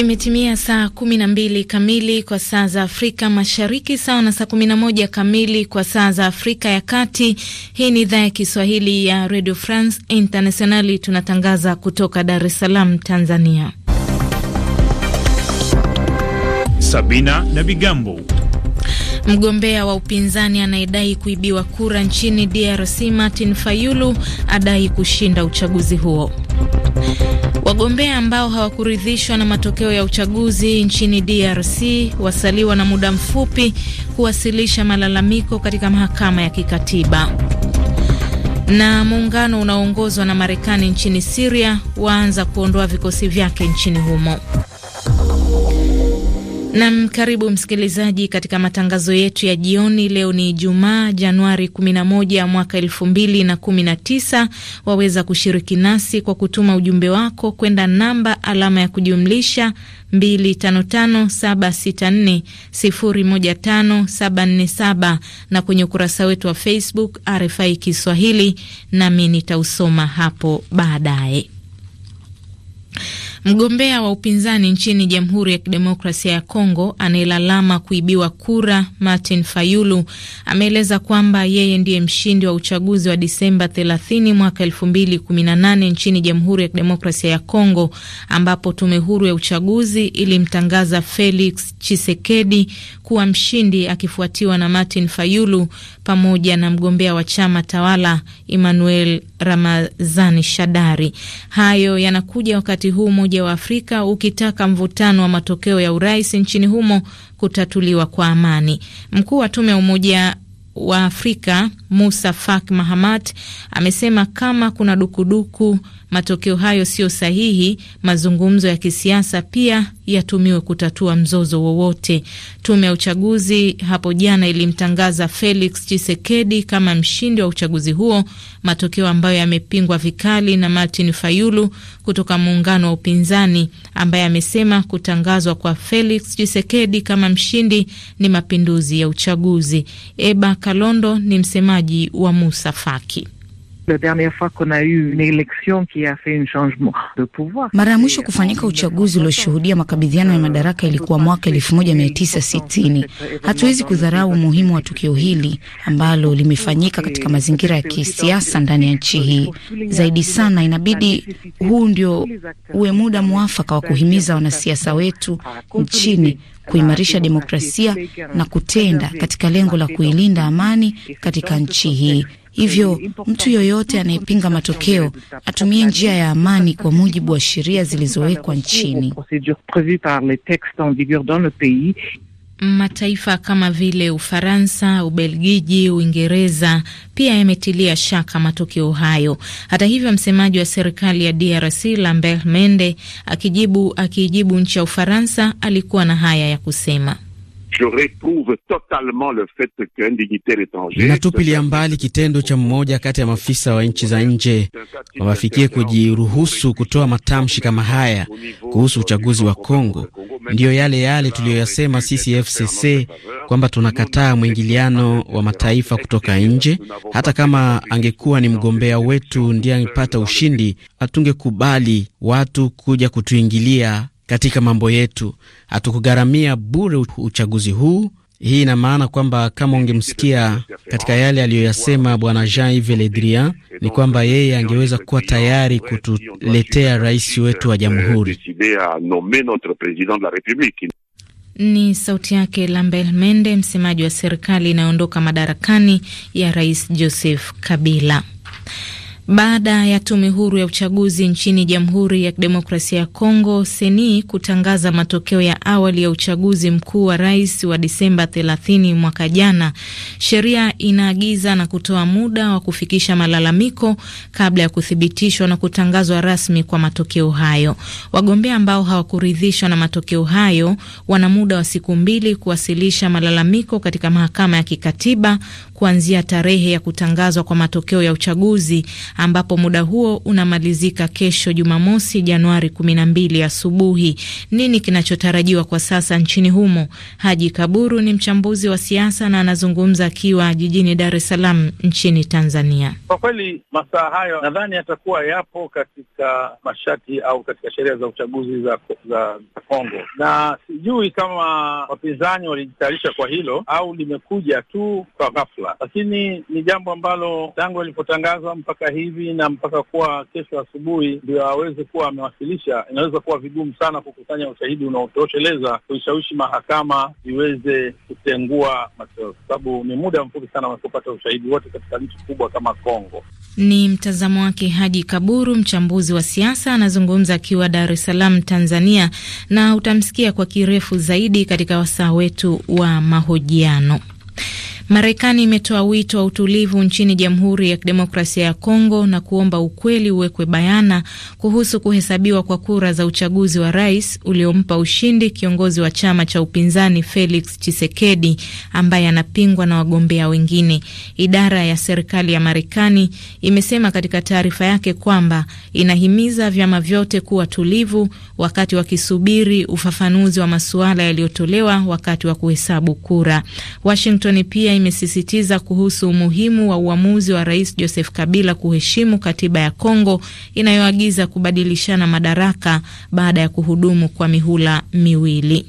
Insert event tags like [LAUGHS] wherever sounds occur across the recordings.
Imetimia saa 12 kamili kwa saa za Afrika Mashariki, sawa na saa 11 kamili kwa saa za Afrika ya Kati. Hii ni idhaa ya Kiswahili ya Radio France Internationali, tunatangaza kutoka Dar es Salaam, Tanzania. Sabina na Bigambo. Mgombea wa upinzani anayedai kuibiwa kura nchini DRC Martin Fayulu adai kushinda uchaguzi huo. Wagombea ambao hawakuridhishwa na matokeo ya uchaguzi nchini DRC wasaliwa na muda mfupi kuwasilisha malalamiko katika mahakama ya kikatiba. Na muungano unaoongozwa na Marekani nchini Siria waanza kuondoa vikosi vyake nchini humo. Nam, karibu msikilizaji katika matangazo yetu ya jioni. Leo ni Ijumaa, Januari 11 mwaka 2019. Waweza kushiriki nasi kwa kutuma ujumbe wako kwenda namba alama ya kujumlisha 255764015747 na kwenye ukurasa wetu wa Facebook RFI Kiswahili, nami nitausoma hapo baadaye. Mgombea wa upinzani nchini Jamhuri ya Kidemokrasia ya Kongo anayelalama kuibiwa kura, Martin Fayulu ameeleza kwamba yeye ndiye mshindi wa uchaguzi wa Disemba 30 mwaka 2018 nchini Jamhuri ya Kidemokrasia ya Kongo, ambapo tume huru ya uchaguzi ilimtangaza Felix Chisekedi kuwa mshindi akifuatiwa na Martin Fayulu pamoja na mgombea wa chama tawala Emmanuel Ramazani Shadari. Hayo yanakuja wakati huu moja Umoja wa Afrika ukitaka mvutano wa matokeo ya urais nchini humo kutatuliwa kwa amani. Mkuu wa tume ya Umoja wa Afrika Musa fak Mahamat amesema kama kuna dukuduku, matokeo hayo siyo sahihi, mazungumzo ya kisiasa pia yatumiwe kutatua mzozo wowote. Tume ya uchaguzi hapo jana ilimtangaza Felix Chisekedi kama mshindi wa uchaguzi huo, matokeo ambayo yamepingwa vikali na Martin Fayulu kutoka muungano wa upinzani ambaye amesema kutangazwa kwa Felix Chisekedi kama mshindi ni mapinduzi ya uchaguzi. Eba Kalondo ni msema ukosoaji wa Musa Faki. Mara ya mwisho kufanyika uchaguzi ulioshuhudia makabidhiano ya madaraka ilikuwa mwaka 1960. Hatuwezi kudharau umuhimu wa tukio hili ambalo limefanyika katika mazingira ya kisiasa ndani ya nchi hii. Zaidi sana, inabidi huu ndio uwe muda mwafaka wa kuhimiza wanasiasa wetu nchini kuimarisha demokrasia na kutenda katika lengo la kuilinda amani katika nchi hii. Hivyo mtu yoyote anayepinga matokeo atumie njia ya amani kwa mujibu wa sheria zilizowekwa nchini. Mataifa kama vile Ufaransa, Ubelgiji, Uingereza pia yametilia shaka matokeo hayo. Hata hivyo, msemaji wa serikali ya DRC Lambert Mende akijibu akiijibu nchi ya Ufaransa alikuwa na haya ya kusema. Je réprouve totalement le fait qu'un dignitaire étranger. Natupilia mbali kitendo cha mmoja kati ya maafisa wa nchi za nje wawafikie kujiruhusu kutoa matamshi kama haya kuhusu uchaguzi wa Kongo. Ndiyo yale yale tuliyoyasema sisi FCC kwamba tunakataa mwingiliano wa mataifa kutoka nje. Hata kama angekuwa ni mgombea wetu ndiye angepata ushindi, hatungekubali watu kuja kutuingilia katika mambo yetu, hatukugharamia bure uchaguzi huu. Hii ina maana kwamba kama ungemsikia katika yale aliyoyasema Bwana Jean Yves Le Drian ni kwamba yeye angeweza kuwa tayari kutuletea rais wetu wa jamhuri. Ni sauti yake lambel Mende, msemaji wa serikali inayoondoka madarakani ya Rais Joseph Kabila. Baada ya tume huru ya uchaguzi nchini Jamhuri ya Kidemokrasia ya Kongo seni kutangaza matokeo ya awali ya uchaguzi mkuu wa rais wa Disemba 30 mwaka jana, sheria inaagiza na kutoa muda wa kufikisha malalamiko kabla ya kuthibitishwa na kutangazwa rasmi kwa matokeo hayo. Wagombea ambao hawakuridhishwa na matokeo hayo wana muda wa siku mbili kuwasilisha malalamiko katika mahakama ya kikatiba kuanzia tarehe ya kutangazwa kwa matokeo ya uchaguzi ambapo muda huo unamalizika kesho Jumamosi, Januari 12 asubuhi. Nini kinachotarajiwa kwa sasa nchini humo? Haji Kaburu ni mchambuzi wa siasa na anazungumza akiwa jijini Dar es Salaam nchini Tanzania. Kwa kweli masaa hayo nadhani yatakuwa yapo katika mashati au katika sheria za uchaguzi za, za Kongo, na sijui kama wapinzani walijitayarisha kwa hilo au limekuja tu kwa ghafla, lakini ni jambo ambalo tangu alipotangazwa mpaka hii hivi na mpaka kuwa kesho asubuhi ndio aweze kuwa amewasilisha, inaweza kuwa vigumu sana kukusanya ushahidi unaotosheleza kuishawishi mahakama iweze kutengua matokeo, kwa sababu ni muda mfupi sana wanapopata ushahidi wote katika nchi kubwa kama Kongo. Ni mtazamo wake Haji Kaburu, mchambuzi wa siasa, anazungumza akiwa Dar es Salaam, Tanzania, na utamsikia kwa kirefu zaidi katika wasaa wetu wa mahojiano. Marekani imetoa wito wa utulivu nchini Jamhuri ya Kidemokrasia ya Kongo na kuomba ukweli uwekwe bayana kuhusu kuhesabiwa kwa kura za uchaguzi wa rais uliompa ushindi kiongozi wa chama cha upinzani Felix Tshisekedi ambaye anapingwa na wagombea wengine. Idara ya serikali ya Marekani imesema katika taarifa yake kwamba inahimiza vyama vyote kuwa tulivu wakati wakisubiri ufafanuzi wa masuala yaliyotolewa wakati wa kuhesabu kura. Washington pia imesisitiza kuhusu umuhimu wa uamuzi wa Rais Joseph Kabila kuheshimu katiba ya Kongo inayoagiza kubadilishana madaraka baada ya kuhudumu kwa mihula miwili.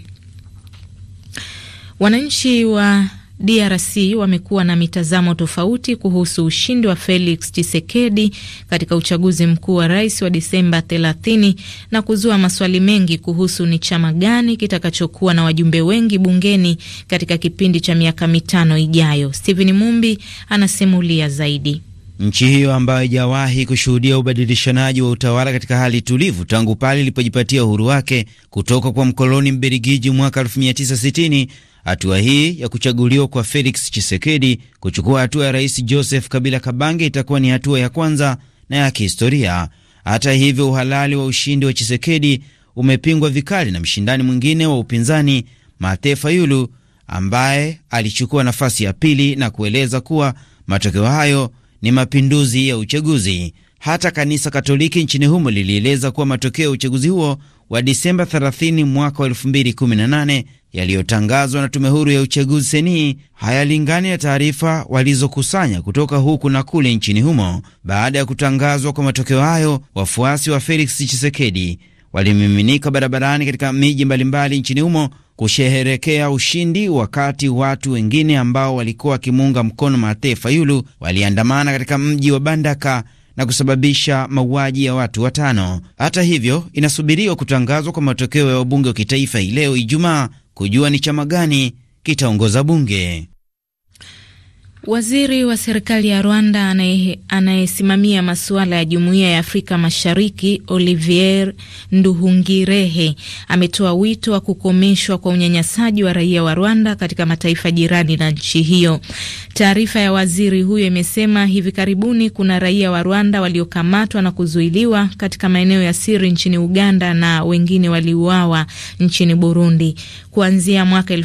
Wananchi wa DRC wamekuwa na mitazamo tofauti kuhusu ushindi wa Felix Tshisekedi katika uchaguzi mkuu wa rais wa Disemba 30 na kuzua maswali mengi kuhusu ni chama gani kitakachokuwa na wajumbe wengi bungeni katika kipindi cha miaka mitano ijayo. Steven Mumbi anasimulia zaidi. Nchi hiyo ambayo haijawahi kushuhudia ubadilishanaji wa utawala katika hali tulivu tangu pale ilipojipatia uhuru wake kutoka kwa mkoloni Mbelgiji mwaka 1960 Hatua hii ya kuchaguliwa kwa Felix Chisekedi kuchukua hatua ya rais Joseph Kabila Kabange itakuwa ni hatua ya kwanza na ya kihistoria. Hata hivyo, uhalali wa ushindi wa Chisekedi umepingwa vikali na mshindani mwingine wa upinzani Mathe Fayulu ambaye alichukua nafasi ya pili na kueleza kuwa matokeo hayo ni mapinduzi ya uchaguzi. Hata kanisa Katoliki nchini humo lilieleza kuwa matokeo ya uchaguzi huo wa Disemba 30 mwaka wa 2018 yaliyotangazwa na tume huru ya uchaguzi seni hayalingani na taarifa walizokusanya kutoka huku na kule nchini humo. Baada ya kutangazwa kwa matokeo hayo, wafuasi wa Felix chisekedi walimiminika barabarani katika miji mbalimbali nchini humo kusherehekea ushindi, wakati watu wengine ambao walikuwa wakimuunga mkono mathe Fayulu waliandamana katika mji wa Bandaka na kusababisha mauaji ya watu watano. Hata hivyo, inasubiriwa kutangazwa kwa matokeo ya wabunge wa kitaifa hii leo Ijumaa, kujua ni chama gani kitaongoza bunge. Waziri wa serikali ya Rwanda anayesimamia masuala ya jumuiya ya Afrika Mashariki, Olivier Nduhungirehe, ametoa wito wa kukomeshwa kwa unyanyasaji wa raia wa Rwanda katika mataifa jirani na nchi hiyo. Taarifa ya waziri huyo imesema hivi karibuni kuna raia wa Rwanda waliokamatwa na kuzuiliwa katika maeneo ya siri nchini Uganda na wengine waliuawa nchini Burundi. Kuanzia mwaka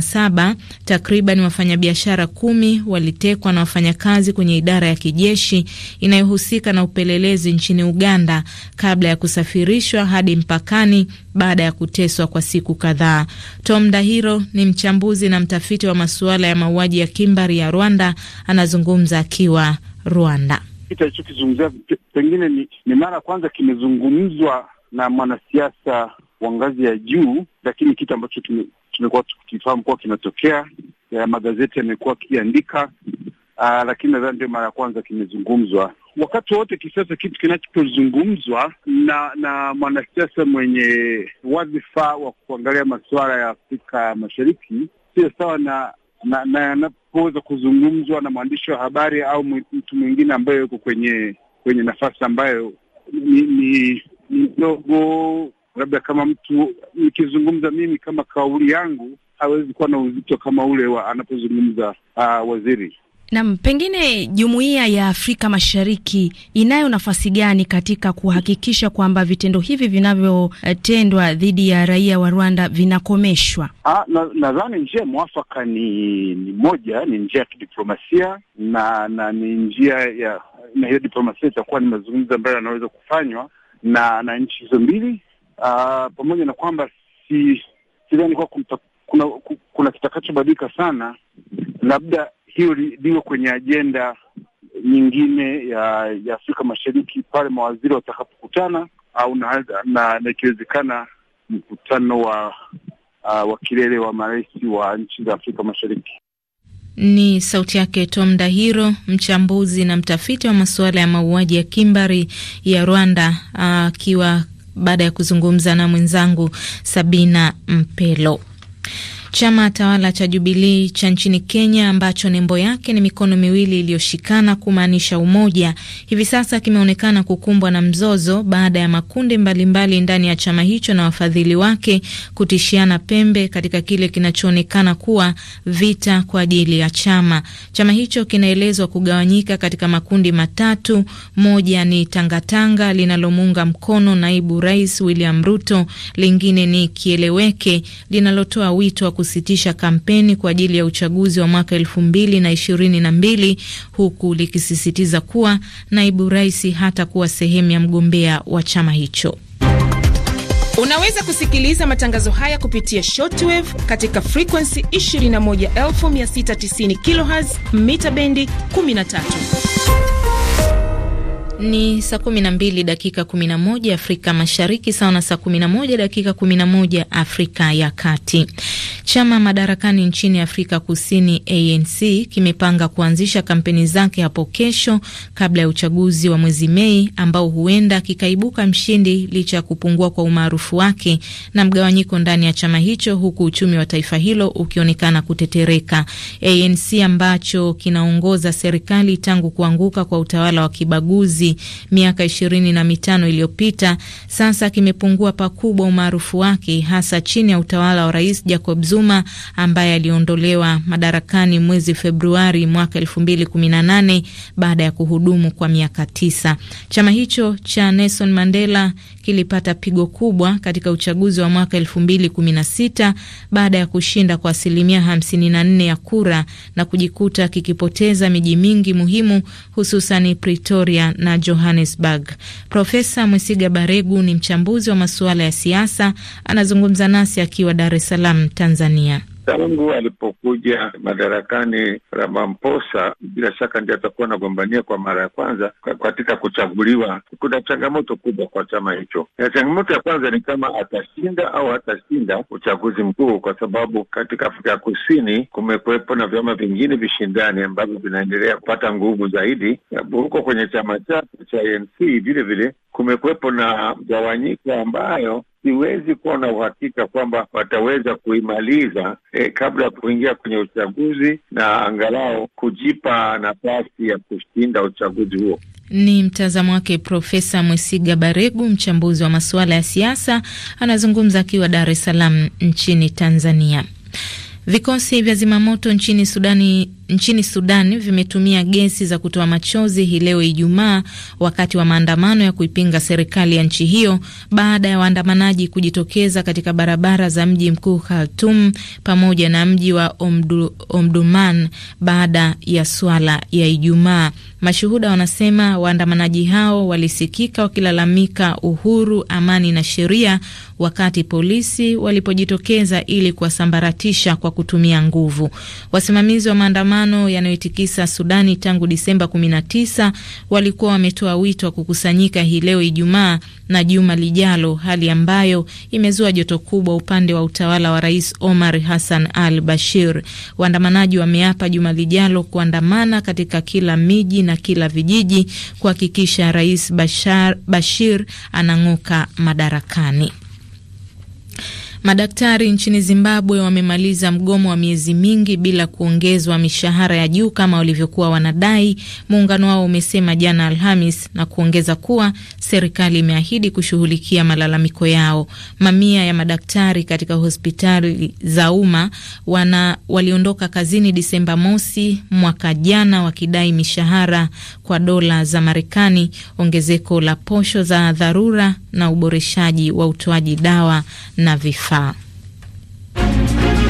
saba takriban wafanyabiashara kumi walitekwa na wafanyakazi kwenye idara ya kijeshi inayohusika na upelelezi nchini Uganda kabla ya kusafirishwa hadi mpakani baada ya kuteswa kwa siku kadhaa. Tom Dahiro ni mchambuzi na mtafiti wa masuala ya mauaji ya kimbari ya Rwanda, anazungumza akiwa Rwanda. Kitu alichokizungumzia pengine ni, ni mara kwanza kimezungumzwa na mwanasiasa wa ngazi ya juu, lakini kitu ambacho tumekuwa tukifahamu kuwa kinatokea, ya magazeti yamekuwa akiandika, ah, lakini nadhani ndio mara ya kwanza kimezungumzwa wakati wote kisasa Kitu kinachozungumzwa na na mwanasiasa mwenye wadhifa wa kuangalia masuala ya Afrika Mashariki sio sawa na na yanapoweza na kuzungumzwa na mwandishi wa habari au mtu mwingine ambaye yuko kwenye kwenye nafasi ambayo ni ni ndogo labda kama mtu nikizungumza mimi kama kauli yangu hawezi kuwa na uzito kama ule wa anapozungumza uh, waziri. nam pengine jumuiya ya Afrika Mashariki inayo nafasi gani katika kuhakikisha kwamba vitendo hivi vinavyotendwa dhidi ya raia wa Rwanda vinakomeshwa? Ah, nadhani na njia mwafaka ni, ni moja ni njia ya kidiplomasia na na ni njia ya na hiyo diplomasia itakuwa ni mazungumzo ambayo yanaweza kufanywa na na nchi hizo mbili Ah, pamoja na kwamba si sidhani kuwa kuna, kuna kitakachobadilika sana, labda hiyo liwe kwenye ajenda nyingine ya, ya Afrika Mashariki pale mawaziri watakapokutana au na, na, na ikiwezekana mkutano wa uh, wa kilele wa marais wa nchi za Afrika Mashariki. Ni sauti yake Tom Dahiro, mchambuzi na mtafiti wa masuala ya mauaji ya kimbari ya Rwanda akiwa uh, baada ya kuzungumza na mwenzangu Sabina Mpelo. Chama tawala cha jubilii cha nchini Kenya ambacho nembo yake ni mikono miwili iliyoshikana kumaanisha umoja, hivi sasa kimeonekana kukumbwa na mzozo baada ya makundi mbalimbali mbali ndani ya chama hicho na wafadhili wake kutishiana pembe katika kile kinachoonekana kuwa vita kwa ajili ya chama. Chama hicho kinaelezwa kugawanyika katika makundi matatu. Moja ni tangatanga linalomuunga mkono naibu rais William Ruto, lingine ni kieleweke linalotoa wito kusitisha kampeni kwa ajili ya uchaguzi wa mwaka elfu mbili na ishirini na mbili huku likisisitiza kuwa naibu rais hatakuwa sehemu ya mgombea wa chama hicho. Unaweza kusikiliza matangazo haya kupitia shortwave katika frekuensi 21690 kHz mita bendi 13. Ni saa 12 dakika 11 Afrika Mashariki, sawa na saa 11 dakika 11 Afrika ya Kati. Chama madarakani nchini Afrika Kusini ANC kimepanga kuanzisha kampeni zake hapo kesho kabla ya uchaguzi wa mwezi Mei ambao huenda kikaibuka mshindi licha ya kupungua kwa umaarufu wake na mgawanyiko ndani ya chama hicho, huku uchumi wa taifa hilo ukionekana kutetereka. ANC ambacho kinaongoza serikali tangu kuanguka kwa utawala wa kibaguzi miaka ishirini na mitano iliyopita, sasa kimepungua pakubwa umaarufu wake hasa chini ya utawala wa Rais Jacob Zuma Juma ambaye aliondolewa madarakani mwezi Februari mwaka 2018 baada ya kuhudumu kwa miaka tisa. Chama hicho cha Nelson Mandela kilipata pigo kubwa katika uchaguzi wa mwaka 2016 baada ya kushinda kwa asilimia 54 nne ya kura na kujikuta kikipoteza miji mingi muhimu hususan Pretoria na Johannesburg. Profesa Mwesiga Baregu ni mchambuzi wa masuala ya siasa, anazungumza nasi akiwa Dar es Salaam, Tanzania. Tanzania. Tangu alipokuja madarakani Ramaphosa, bila shaka ndio atakuwa anagombania kwa mara ya kwanza katika kuchaguliwa. Kuna changamoto kubwa kwa chama hicho, na changamoto ya kwanza ni kama atashinda au hatashinda uchaguzi mkuu, kwa sababu katika Afrika ya Kusini kumekuwepo na vyama vingine vishindani ambavyo vinaendelea kupata nguvu zaidi. Huko kwenye chama chake cha ANC vile vile kumekuwepo na mgawanyiko ambayo siwezi kuwa na uhakika kwamba wataweza kuimaliza eh, kabla ya kuingia kwenye uchaguzi na angalau kujipa nafasi ya kushinda uchaguzi huo. Ni mtazamo wake Profesa Mwesiga Baregu, mchambuzi wa masuala ya siasa, anazungumza akiwa Dar es Salaam nchini Tanzania. Vikosi vya zimamoto nchini Sudani nchini Sudan vimetumia gesi za kutoa machozi hii leo Ijumaa, wakati wa maandamano ya kuipinga serikali ya nchi hiyo baada ya waandamanaji kujitokeza katika barabara za mji mkuu Khartum pamoja na mji wa Omdu, Omduman baada ya swala ya Ijumaa. Mashuhuda wanasema waandamanaji hao walisikika wakilalamika uhuru, amani na sheria, wakati polisi walipojitokeza ili kuwasambaratisha kwa kutumia nguvu. Wasimamizi wa maandamano mapambano yanayoitikisa Sudani tangu Disemba 19 walikuwa wametoa wito wa kukusanyika hii leo Ijumaa na juma lijalo, hali ambayo imezua joto kubwa upande wa utawala wa Rais Omar Hassan al Bashir. Waandamanaji wameapa juma lijalo kuandamana katika kila miji na kila vijiji kuhakikisha Rais Bashar, Bashir anang'oka madarakani. Madaktari nchini Zimbabwe wamemaliza mgomo wa miezi mingi bila kuongezwa mishahara ya juu kama walivyokuwa wanadai, muungano wao umesema jana Alhamis, na kuongeza kuwa serikali imeahidi kushughulikia malalamiko yao. Mamia ya madaktari katika hospitali za umma wana waliondoka kazini Disemba mosi mwaka jana wakidai mishahara kwa dola za Marekani, ongezeko la posho za dharura na uboreshaji wa utoaji dawa na vifaa.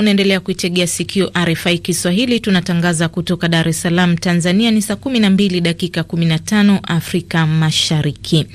Unaendelea kuitegea sikio RFI Kiswahili, tunatangaza kutoka Dar es Salaam, Tanzania. Ni saa 12 dakika 15 Afrika Mashariki.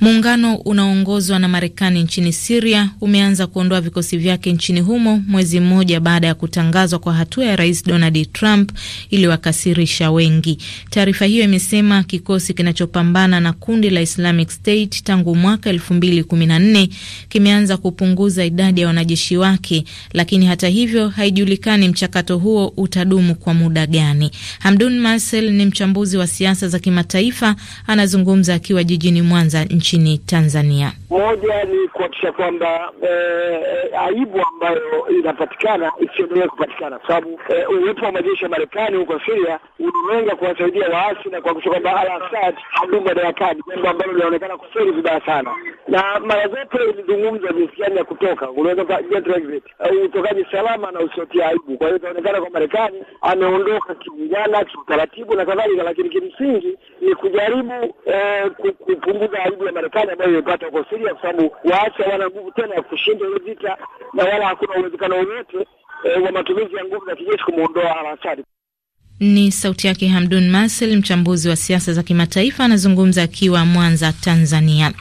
Muungano unaoongozwa na Marekani nchini Siria umeanza kuondoa vikosi vyake nchini humo mwezi mmoja baada ya kutangazwa kwa hatua ya Rais Donald Trump iliyowakasirisha wengi. Taarifa hiyo imesema kikosi kinachopambana na kundi la Islamic State tangu mwaka 2014 kimeanza kupunguza idadi ya wanajeshi wake, lakini hata hii hivyo haijulikani mchakato huo utadumu kwa muda gani. Hamdun Marsel ni mchambuzi wa siasa za kimataifa, anazungumza akiwa jijini Mwanza nchini Tanzania. Moja ni kuhakikisha kwamba e, e, aibu ambayo inapatikana isiendelee kupatikana, kwa sababu e, uwepo wa majeshi ya Marekani huko Syria ulilenga kuwasaidia waasi na kuhakikisha kwamba al-Assad hadumu madarakani, jambo ambalo linaonekana kwa vibaya sana, na mara zote ilizungumza jinsi gani ya kutoka, unaweza get exit, utokaji salama na usiotia aibu. Kwa hiyo itaonekana kwa Marekani ameondoka kiungwana, kiutaratibu na kadhalika, lakini kimsingi ni kujaribu e, kupunguza aibu ya Marekani ambayo imepata huko Syria kwa sababu waasi hawana nguvu tena ya kushinda hiyo vita na wala hakuna uwezekano wowote eh, wa matumizi ya nguvu za kijeshi kumuondoa al-Assad. Ni sauti yake Hamdun Masel, mchambuzi wa siasa za kimataifa, anazungumza akiwa Mwanza, Tanzania.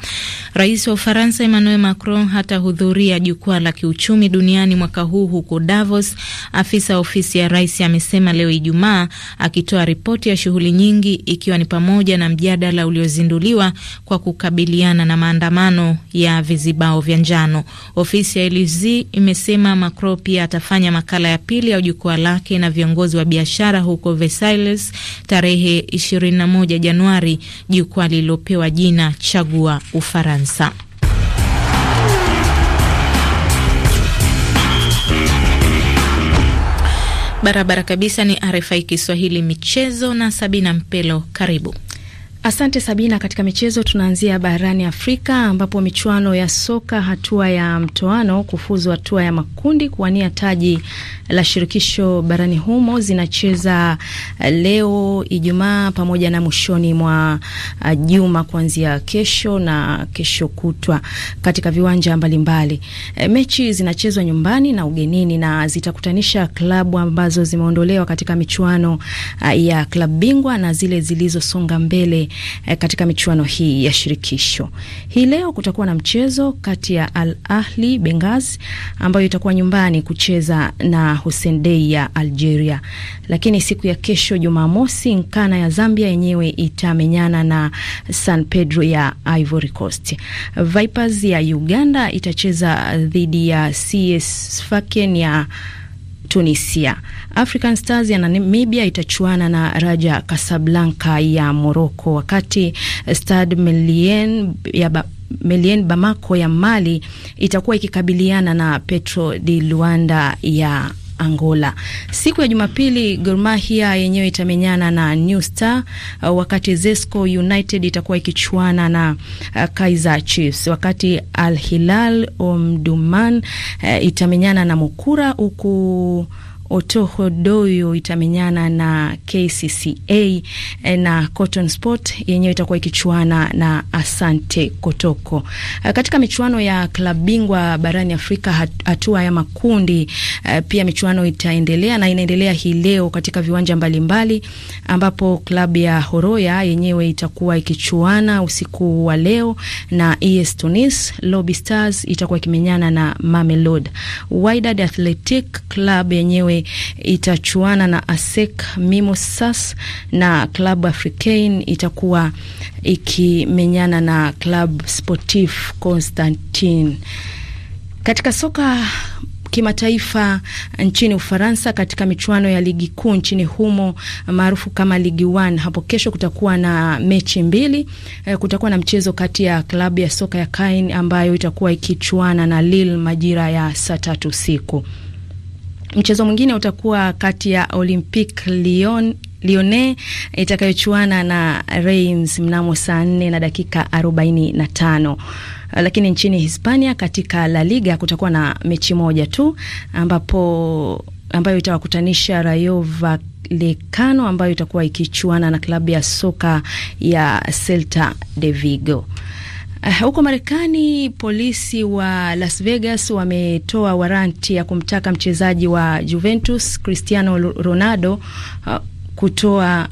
Rais wa Ufaransa Emmanuel Macron hatahudhuria jukwaa la kiuchumi duniani mwaka huu huko Davos, afisa wa ofisi ya rais amesema leo Ijumaa, akitoa ripoti ya shughuli nyingi, ikiwa ni pamoja na mjadala uliozinduliwa kwa kukabiliana na maandamano ya vizibao vya njano. Ofisi ya Elysee imesema Macron pia atafanya makala ya pili ya jukwaa lake na viongozi wa biashara huko Versailles tarehe 21 Januari, jukwaa lililopewa jina Chagua Ufaransa. Barabara kabisa ni RFI Kiswahili michezo na Sabina Mpelo, karibu. Asante Sabina. Katika michezo tunaanzia barani Afrika ambapo michuano ya soka hatua ya mtoano kufuzu hatua ya makundi kuwania taji la shirikisho barani humo zinacheza eh, leo Ijumaa pamoja na mwishoni mwa eh, juma kuanzia kesho na kesho kutwa katika viwanja mbalimbali. E, mechi zinachezwa nyumbani na ugenini na zitakutanisha klabu ambazo zimeondolewa katika michuano ya klabu bingwa na zile zilizosonga mbele eh, katika michuano hii ya shirikisho. Hii leo kutakuwa na mchezo kati ya Al Ahli Benghazi ambayo itakuwa nyumbani kucheza na Hussein Dey ya Algeria, lakini siku ya kesho Jumamosi, Nkana ya Zambia yenyewe itamenyana na San Pedro ya Ivory Coast. Vipers ya Uganda itacheza dhidi ya CS Sfaken ya Tunisia. African Stars ya Namibia itachuana na Raja Casablanca ya Morocco, wakati Stade Malien ya ba Melien Bamako ya Mali itakuwa ikikabiliana na Petro di Luanda ya Angola. Siku ya Jumapili, Gor Mahia yenyewe itamenyana na New Star, uh, wakati Zesco United itakuwa ikichuana na uh, Kaizer Chiefs, wakati Al Hilal Omdurman uh, itamenyana na Mukura huku Otoho Doyo itamenyana na KCCA eh, na Cotton Sport yenyewe itakuwa ikichuana na Asante Kotoko. Eh, katika michuano ya klabu bingwa barani Afrika hatua ya makundi eh, pia michuano itaendelea na inaendelea hii leo katika viwanja mbalimbali mbali, ambapo klabu ya Horoya yenyewe itakuwa ikichuana usiku wa leo na ES Tunis. Stars itakuwa ikimenyana na Mamelodi. Wydad Athletic Club yenyewe itachuana na ASEC Mimosas na Club Africain itakuwa ikimenyana na Club Sportif Constantin. Katika soka kimataifa nchini Ufaransa, katika michuano ya ligi kuu nchini humo maarufu kama ligi 1, hapo kesho kutakuwa na mechi mbili. E, kutakuwa na mchezo kati ya klabu ya soka ya Caen ambayo itakuwa ikichuana na Lille majira ya saa tatu usiku. Mchezo mwingine utakuwa kati ya Olympique Lyon Lione itakayochuana na Reims mnamo saa 4 na dakika 45. Lakini nchini Hispania katika La Liga kutakuwa na mechi moja tu ambapo ambayo itawakutanisha Rayo Vallecano ambayo itakuwa ikichuana na klabu ya soka ya Celta de Vigo. Uh, huko Marekani polisi wa Las Vegas wametoa waranti ya kumtaka mchezaji wa Juventus Cristiano Ronaldo uh, kutoa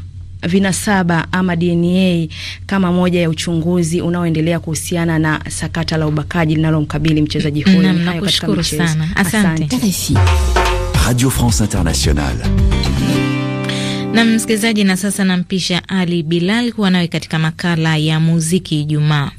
vinasaba ama DNA kama moja ya uchunguzi unaoendelea kuhusiana na sakata la ubakaji linalomkabili mchezaji huyo. Nakushukuru sana, asante. Radio France Internationale na msikilizaji. Na sasa nampisha Ali Bilal kuwa nawe katika makala ya muziki Ijumaa.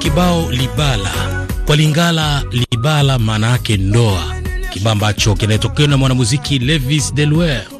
Kibao libala kwa Lingala, libala maana yake ndoa, kibao ambacho kinatokewa na mwanamuziki Levis Delwer.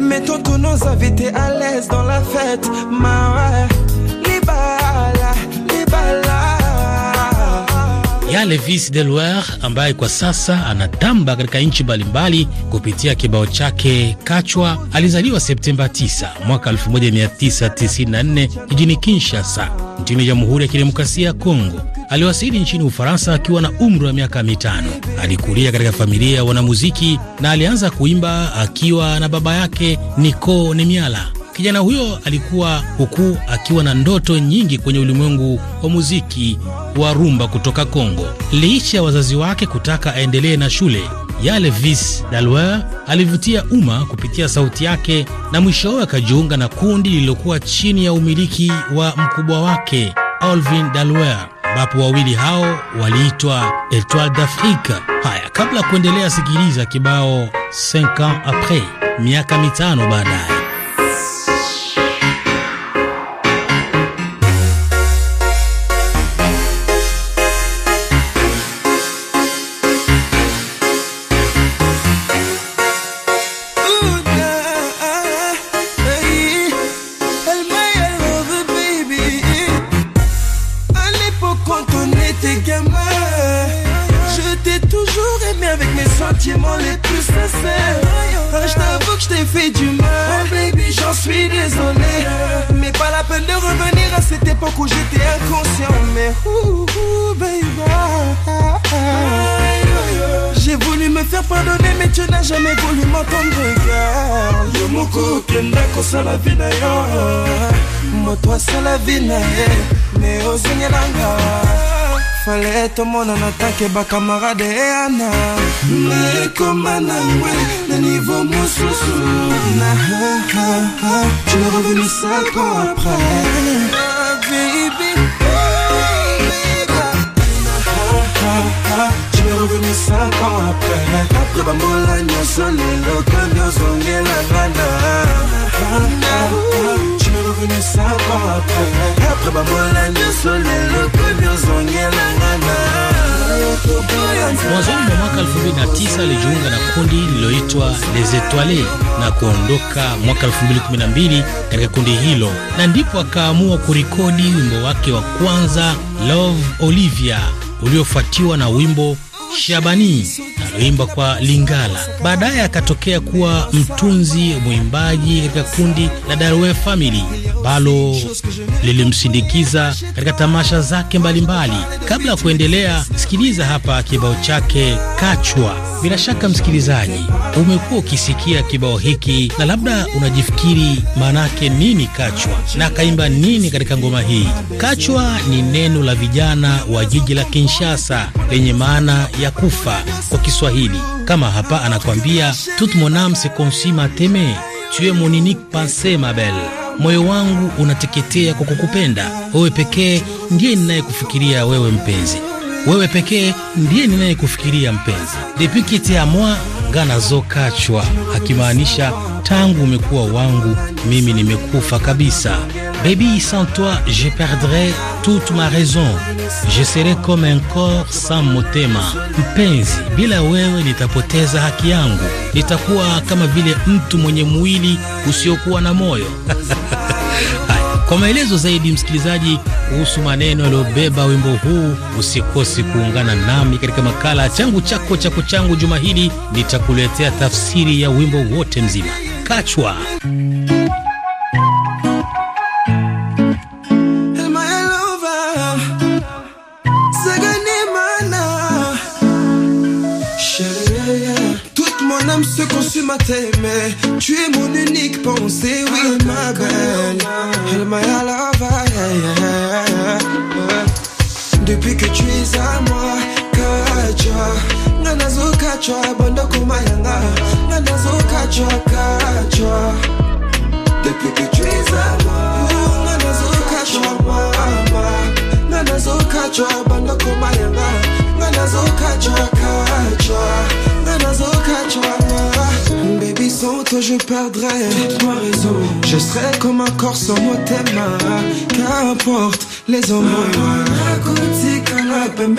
Mettons tous nos invités à l'aise dans la fête. Mawa, libala, libala. Ya Levis Delwar ambaye kwa sasa anatamba katika nchi mbalimbali kupitia kibao chake Kachwa alizaliwa Septemba 9 mwaka 1994 jijini Kinshasa nchini Jamhuri ya Kidemokrasia ya Kongo. Aliwasili nchini Ufaransa akiwa na umri wa miaka mitano. Alikulia katika familia ya wanamuziki na alianza kuimba akiwa na baba yake Nico Nemiala. Kijana huyo alikuwa huku akiwa na ndoto nyingi kwenye ulimwengu wa muziki wa rumba kutoka Kongo. Licha ya wazazi wake kutaka aendelee na shule ya Levis Dalwer, alivutia umma kupitia sauti yake na mwishowe akajiunga na kundi lililokuwa chini ya umiliki wa mkubwa wake Alvin Dalwer ambapo wawili hao waliitwa Etoile d'Afrique. Haya, kabla ya kuendelea, sikiliza kibao 5 ans après miaka mitano baadaye. j'étais inconscient. Mais ouh, ouh baby. J'ai voulu me faire pardonner, mais tu n'as jamais voulu m'entendre. Regarde, yo moko kenda kosala Moi yo. Moto la vina ye, la ozengelanga. fallait tomonana takeba kamarade eyana nakoma na ngwe na nivo mosusu tu es revenu cinq ans après cinq ans Après bambola Tu m'es revenu cinq ans après Après bambola mwanzoni mwa mwaka 2009 alijiunga na kundi lililoitwa Les Etoiles na kuondoka mwaka 2012 katika kundi hilo, na ndipo akaamua kurekodi wimbo wake wa kwanza Love Olivia uliofuatiwa na wimbo Shabani kuimba kwa Lingala. Baadaye akatokea kuwa mtunzi mwimbaji katika kundi la Darwe Family ambalo lilimsindikiza katika tamasha zake mbalimbali mbali. Kabla ya kuendelea, sikiliza hapa kibao chake Kachwa. Bila shaka, msikilizaji, umekuwa ukisikia kibao hiki na labda unajifikiri maanake nini Kachwa na akaimba nini katika ngoma hii. Kachwa ni neno la vijana wa jiji la Kinshasa lenye maana ya kufa kwa Kiswahili Kiswahili. Kama hapa anakwambia tout mon ame se consume à t'aimer, tu es mon unique pensee ma belle, moyo wangu unateketea kwa kukupenda wewe. Pekee ndiye ninayekufikiria wewe mpenzi, wewe pekee ndiye ninayekufikiria mpenzi. depuis que tu es a moi ngana zokachwa, akimaanisha tangu umekuwa wangu mimi nimekufa kabisa. Baby, sans toi, je perdrai toute ma raison. Je serai comme un corps sans motema. Mpenzi, bila wewe nitapoteza haki yangu, nitakuwa kama vile mtu mwenye mwili usiokuwa na moyo. [LAUGHS] Kwa maelezo zaidi, msikilizaji, kuhusu maneno yaliyobeba wimbo huu, usikosi kuungana nami katika makala changu chako chako changu. Juma hili nitakuletea tafsiri ya wimbo wote mzima. Kachwa se consume à t'aimer. Tu es mon unique pensée, oui, ma belle. Elle m'a Depuis que tu es à moi, kacha. Nanazo kacha, bando kumayanga. Nanazo kacha, kacha. Depuis que tu es à moi, nanazo kacha, mama. Nanazo kacha, bando kumayanga. Nanazo kacha, kacha. je perdrai ma raison. Je serai comme un corps sans mot Qu'importe les hommes. Ben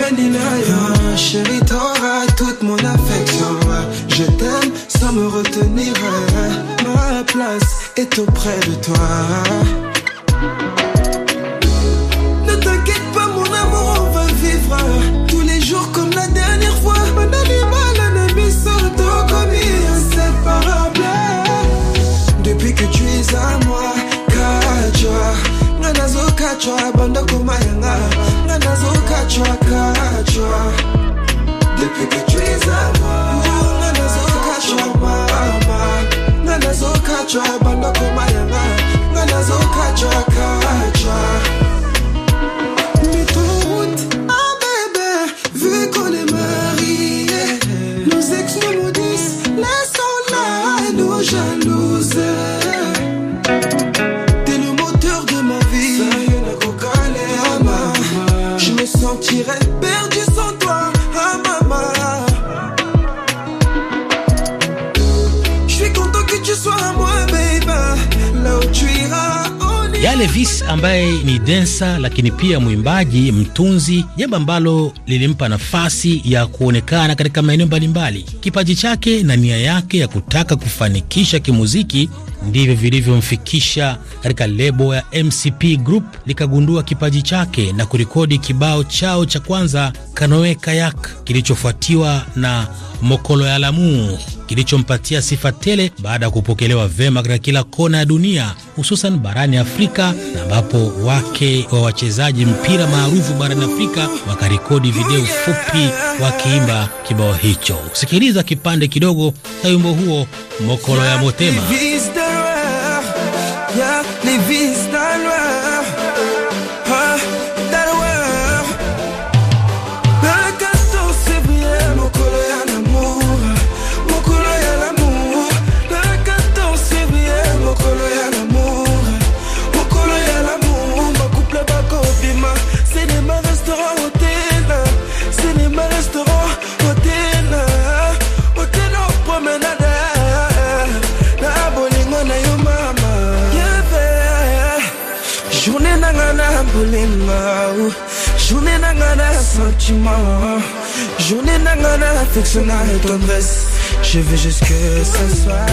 Chérie, t'auras toute mon affection. Je t'aime sans me retenir. Ma place est auprès de toi. kachwa kachwa Depike twiza Njunga nazo kachwa mama Nga nazo kachwa bandoko mayana Nga nazo kachwa Elvis ambaye ni densa lakini pia mwimbaji mtunzi, jambo ambalo lilimpa nafasi ya kuonekana katika maeneo mbalimbali. Kipaji chake na nia yake ya kutaka kufanikisha kimuziki ndivyo vilivyomfikisha katika lebo ya MCP Group, likagundua kipaji chake na kurekodi kibao chao cha kwanza Kanoe Kayak kilichofuatiwa na Mokolo ya Lamu kilichompatia sifa tele baada ya kupokelewa vema katika kila kona ya dunia, hususan barani Afrika na ambapo wake wa wachezaji mpira maarufu barani Afrika wakarekodi video fupi wakiimba kibao hicho. Sikiliza kipande kidogo cha wimbo huo Mokolo ya Motema. sentiments Journée nangana, affectionnat ton tendresse Je veux juste que ce soit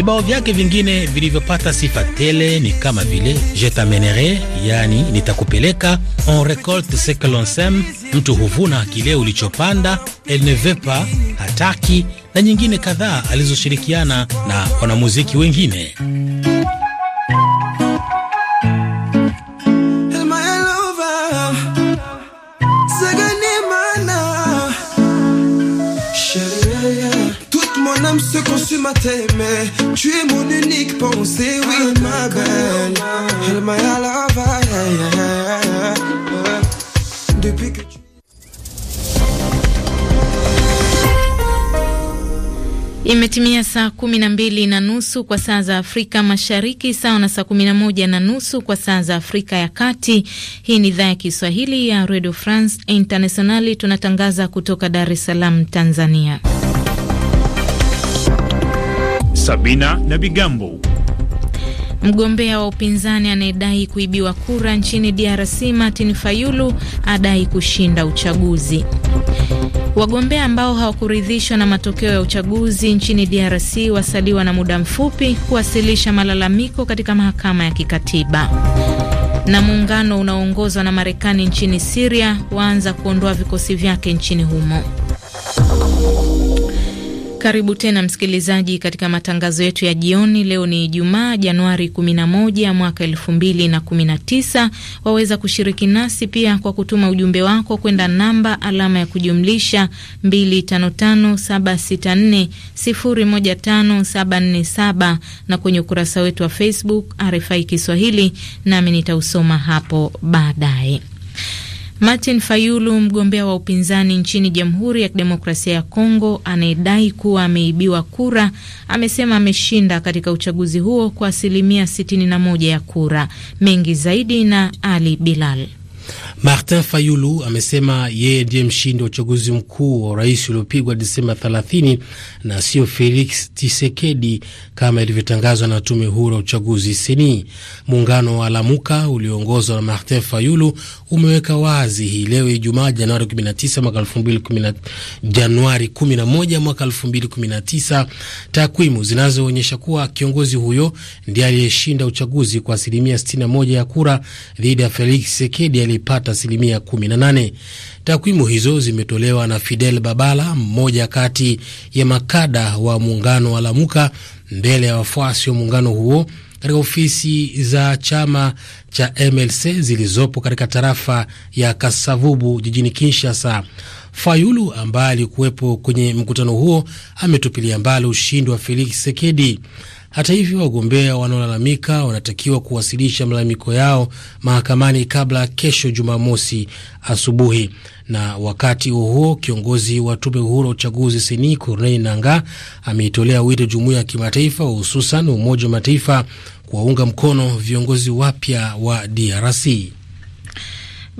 Vibao vyake vingine vilivyopata sifa tele ni kama vile Je t'amenere, yani nitakupeleka, On récolte ce que l'on sème, mtu huvuna kile ulichopanda, Elle ne veut pas, hataki na nyingine kadhaa alizoshirikiana na wanamuziki wengine. Tu es mon unique pensée, oui, oh, ma belle. Elle m'a la Depuis que tu. Imetimia saa kumi na mbili na nusu kwa saa za Afrika Mashariki, sawa na saa kumi na moja na nusu kwa saa za Afrika ya Kati. Hii ni idhaa ya Kiswahili ya Radio France Internationali, tunatangaza kutoka Dar es Salaam, Tanzania. Sabina na Bigambo. Mgombea wa upinzani anayedai kuibiwa kura nchini DRC Martin Fayulu adai kushinda uchaguzi. Wagombea ambao hawakuridhishwa na matokeo ya uchaguzi nchini DRC wasaliwa na muda mfupi kuwasilisha malalamiko katika mahakama ya kikatiba. Na muungano unaoongozwa na Marekani nchini Siria waanza kuondoa vikosi vyake nchini humo. Karibu tena msikilizaji, katika matangazo yetu ya jioni. Leo ni Ijumaa, Januari 11 mwaka 2019. Waweza kushiriki nasi pia kwa kutuma ujumbe wako kwenda namba alama ya kujumlisha 255764015747 na kwenye ukurasa wetu wa Facebook RFI Kiswahili, nami nitausoma hapo baadaye. Martin Fayulu, mgombea wa upinzani nchini Jamhuri ya Kidemokrasia ya Kongo anayedai kuwa ameibiwa kura, amesema ameshinda katika uchaguzi huo kwa asilimia 61 ya kura. Mengi zaidi na Ali Bilal. Martin Fayulu amesema yeye ndiye mshindi wa uchaguzi mkuu wa urais uliopigwa Disemba 30 na sio Felix Tshisekedi kama ilivyotangazwa na tume huru ya uchaguzi seni. Muungano wa Lamuka ulioongozwa na Martin Fayulu umeweka wazi hii leo Ijumaa Januari 19 mwaka Januari 11 mwaka 2019, takwimu zinazoonyesha kuwa kiongozi huyo ndiye aliyeshinda uchaguzi kwa asilimia 61 ya kura dhidi ya Felix Tshisekedi aliyepata asilimia 18. Takwimu hizo zimetolewa na Fidel Babala, mmoja kati ya makada wa muungano wa Lamuka, mbele ya wafuasi wa muungano huo katika ofisi za chama cha MLC zilizopo katika tarafa ya Kasavubu jijini Kinshasa. Fayulu ambaye alikuwepo kwenye mkutano huo ametupilia mbali ushindi wa Felix sekedi Hata hivyo, wagombea wanaolalamika wanatakiwa kuwasilisha malalamiko yao mahakamani kabla kesho Jumamosi asubuhi. Na wakati huo kiongozi wa tume huru ya uchaguzi seni Corneille nanga ameitolea wito jumuiya ya kimataifa, hususan Umoja wa Mataifa kuwaunga mkono viongozi wapya wa DRC.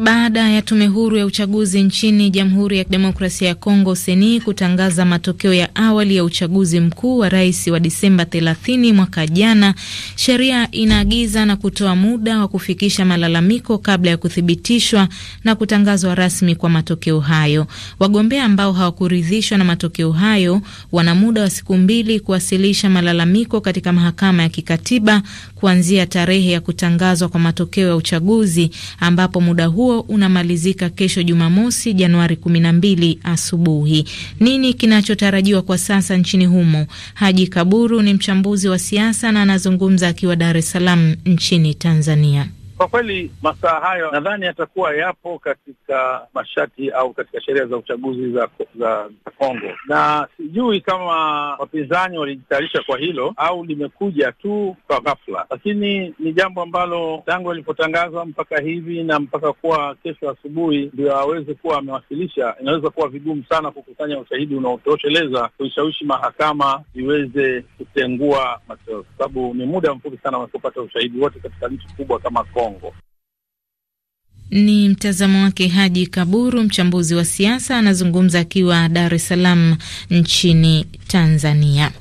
Baada ya tume huru ya uchaguzi nchini Jamhuri ya Kidemokrasia ya Kongo seni kutangaza matokeo ya awali ya uchaguzi mkuu wa rais wa Disemba 30 mwaka jana, sheria inaagiza na kutoa muda wa kufikisha malalamiko kabla ya kuthibitishwa na kutangazwa rasmi kwa matokeo hayo. Wagombea ambao hawakuridhishwa na matokeo hayo wana muda wa siku mbili kuwasilisha malalamiko katika mahakama ya kikatiba kuanzia tarehe ya kutangazwa kwa matokeo ya uchaguzi ambapo muda huo huo unamalizika kesho Jumamosi, Januari 12 asubuhi. Nini kinachotarajiwa kwa sasa nchini humo? Haji Kaburu ni mchambuzi wa siasa na anazungumza akiwa Dar es Salaam nchini Tanzania. Kwa kweli masaa hayo nadhani yatakuwa yapo katika masharti au katika sheria za uchaguzi za za Kongo, na sijui kama wapinzani walijitayarisha kwa hilo au limekuja tu kwa ghafla, lakini ni jambo ambalo tangu alipotangazwa mpaka hivi na mpaka kuwa kesho asubuhi ndio aweze kuwa amewasilisha, inaweza kuwa vigumu sana kukusanya ushahidi unaotosheleza kuishawishi mahakama iweze kutengua matokeo, kwa sababu ni muda mfupi sana wanapopata ushahidi wote katika nchi kubwa kama Kongo. Kongo. Ni mtazamo wake Haji Kaburu, mchambuzi wa siasa, anazungumza akiwa Dar es Salaam nchini Tanzania.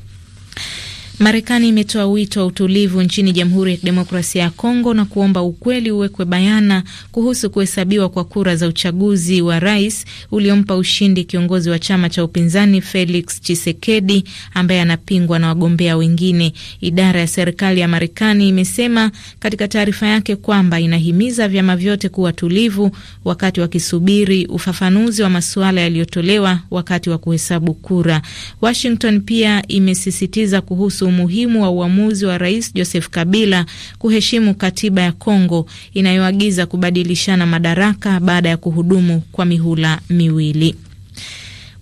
Marekani imetoa wito wa utulivu nchini Jamhuri ya Kidemokrasia ya Kongo na kuomba ukweli uwekwe bayana kuhusu kuhesabiwa kwa kura za uchaguzi wa rais uliompa ushindi kiongozi wa chama cha upinzani Felix Chisekedi ambaye anapingwa na wagombea wengine. Idara ya serikali ya Marekani imesema katika taarifa yake kwamba inahimiza vyama vyote kuwa tulivu wakati wakisubiri ufafanuzi wa masuala yaliyotolewa wakati wa kuhesabu kura. Washington pia imesisitiza kuhusu umuhimu wa uamuzi wa Rais Joseph Kabila kuheshimu katiba ya Kongo inayoagiza kubadilishana madaraka baada ya kuhudumu kwa mihula miwili.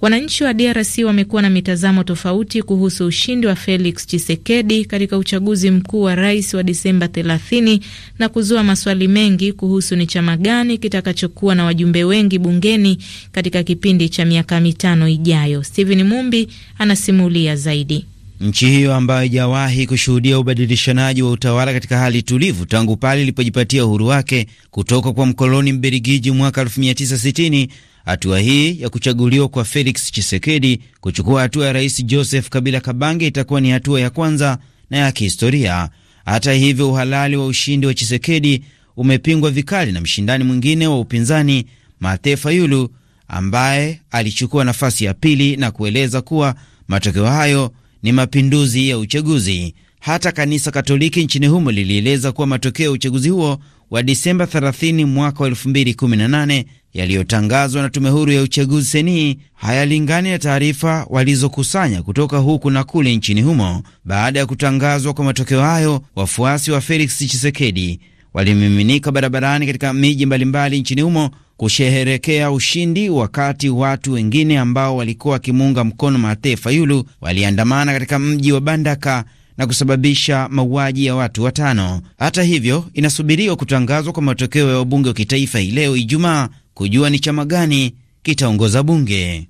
Wananchi wa DRC wamekuwa na mitazamo tofauti kuhusu ushindi wa Felix Chisekedi katika uchaguzi mkuu wa rais wa Disemba 30 na kuzua maswali mengi kuhusu ni chama gani kitakachokuwa na wajumbe wengi bungeni katika kipindi cha miaka mitano ijayo. Steven Mumbi anasimulia zaidi. Nchi hiyo ambayo haijawahi kushuhudia ubadilishanaji wa utawala katika hali tulivu tangu pale ilipojipatia uhuru wake kutoka kwa mkoloni Mbelgiji mwaka 1960. Hatua hii ya kuchaguliwa kwa Felix Chisekedi kuchukua hatua ya Rais Joseph Kabila Kabange itakuwa ni hatua ya kwanza na ya kihistoria. Hata hivyo, uhalali wa ushindi wa Chisekedi umepingwa vikali na mshindani mwingine wa upinzani mathe Fayulu ambaye alichukua nafasi ya pili na kueleza kuwa matokeo hayo ni mapinduzi ya uchaguzi. Hata kanisa Katoliki nchini humo lilieleza kuwa matokeo ya uchaguzi huo wa Disemba 30 mwaka 2018 yaliyotangazwa na tume huru ya uchaguzi senii hayalingani na taarifa walizokusanya kutoka huku na kule nchini humo. Baada ya kutangazwa kwa matokeo hayo, wafuasi wa Felix Chisekedi walimiminika barabarani katika miji mbalimbali nchini humo kusherehekea ushindi, wakati watu wengine ambao walikuwa wakimuunga mkono Mathe Fayulu waliandamana katika mji wa Bandaka na kusababisha mauaji ya watu watano. Hata hivyo, inasubiriwa kutangazwa kwa matokeo ya wabunge wa kitaifa hii leo Ijumaa, kujua ni chama gani kitaongoza bunge.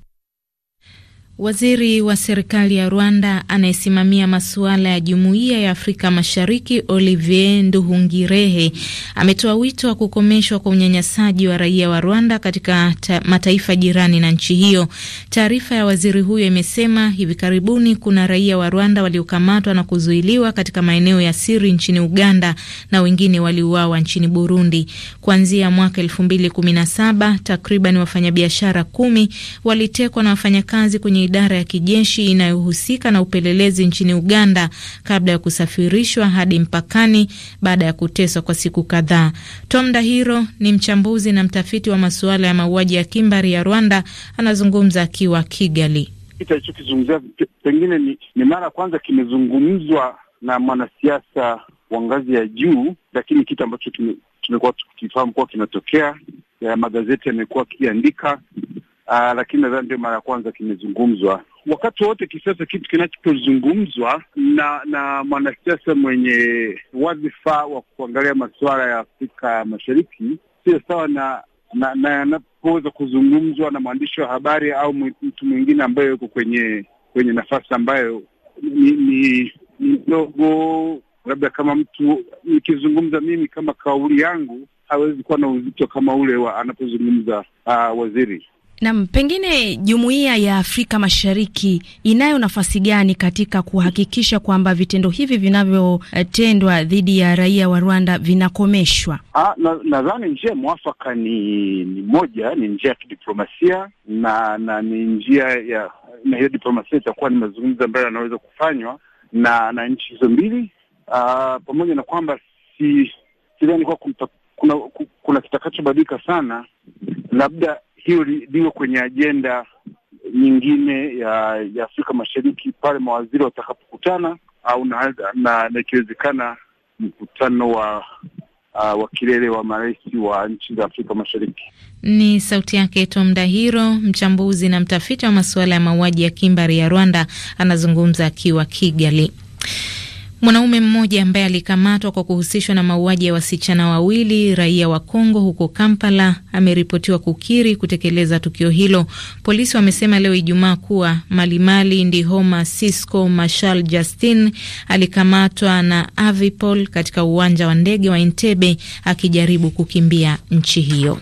Waziri wa serikali ya Rwanda anayesimamia masuala ya jumuiya ya Afrika Mashariki, Olivier Nduhungirehe, ametoa wito wa kukomeshwa kwa unyanyasaji wa raia wa Rwanda katika mataifa jirani na nchi hiyo. Taarifa ya waziri huyo imesema hivi karibuni kuna raia wa Rwanda waliokamatwa na kuzuiliwa katika maeneo ya siri nchini Uganda na wengine waliuawa nchini Burundi. Kuanzia mwaka 2017 takriban wafanyabiashara kumi walitekwa na wafanyakazi kwenye idara ya kijeshi inayohusika na upelelezi nchini Uganda kabla ya kusafirishwa hadi mpakani baada ya kuteswa kwa siku kadhaa. Tom Dahiro ni mchambuzi na mtafiti wa masuala ya mauaji ya kimbari ya Rwanda, anazungumza akiwa Kigali. Kitu alichokizungumzia pengine ni, ni mara ya kwanza kimezungumzwa na mwanasiasa wa ngazi ya juu, lakini kitu ambacho tumekuwa tukifahamu kuwa kinatokea, ya magazeti yamekuwa akiandika aa, ah, lakini nadhani ndio mara ya kwanza kimezungumzwa. Wakati wote kisiasa, kitu kinachozungumzwa na na mwanasiasa mwenye wadhifa wa kuangalia masuala ya Afrika Mashariki sio sawa na na yanapoweza kuzungumzwa na mwandishi wa habari au mtu mwingine ambaye yuko kwenye kwenye nafasi ambayo ni ni ndogo, labda kama mtu nikizungumza mimi kama kauli yangu hawezi kuwa na uzito kama ule wa anapozungumza uh, waziri Nam, pengine jumuiya ya Afrika Mashariki inayo nafasi gani katika kuhakikisha kwamba vitendo hivi vinavyotendwa dhidi ya raia wa Rwanda vinakomeshwa? Ah, nadhani na njia mwafaka ni, ni moja ni njia ya kidiplomasia na na ni njia ya na hiyo diplomasia itakuwa ni mazungumzo ambayo yanaweza kufanywa na na nchi hizo mbili, ah, pamoja na kwamba si sidhani kuwa kuna, kuna kitakachobadilika sana labda hiyo liwe kwenye ajenda nyingine ya, ya Afrika Mashariki pale mawaziri watakapokutana au na, na, na ikiwezekana mkutano wa uh, wa kilele wa marais wa nchi za Afrika Mashariki. Ni sauti yake Tom Dahiro, mchambuzi na mtafiti wa masuala ya mauaji ya kimbari ya Rwanda, anazungumza akiwa Kigali. Mwanaume mmoja ambaye alikamatwa kwa kuhusishwa na mauaji ya wasichana wawili raia wa Kongo huko Kampala ameripotiwa kukiri kutekeleza tukio hilo. Polisi wamesema leo Ijumaa kuwa Malimali Ndihoma Cisco Marshal Justin alikamatwa na Avipol katika uwanja wa ndege wa Entebbe akijaribu kukimbia nchi hiyo.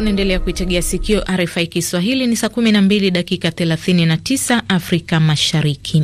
Unaendelea kuitegea sikio RFI Kiswahili. Ni saa kumi na mbili dakika thelathini na tisa Afrika Mashariki.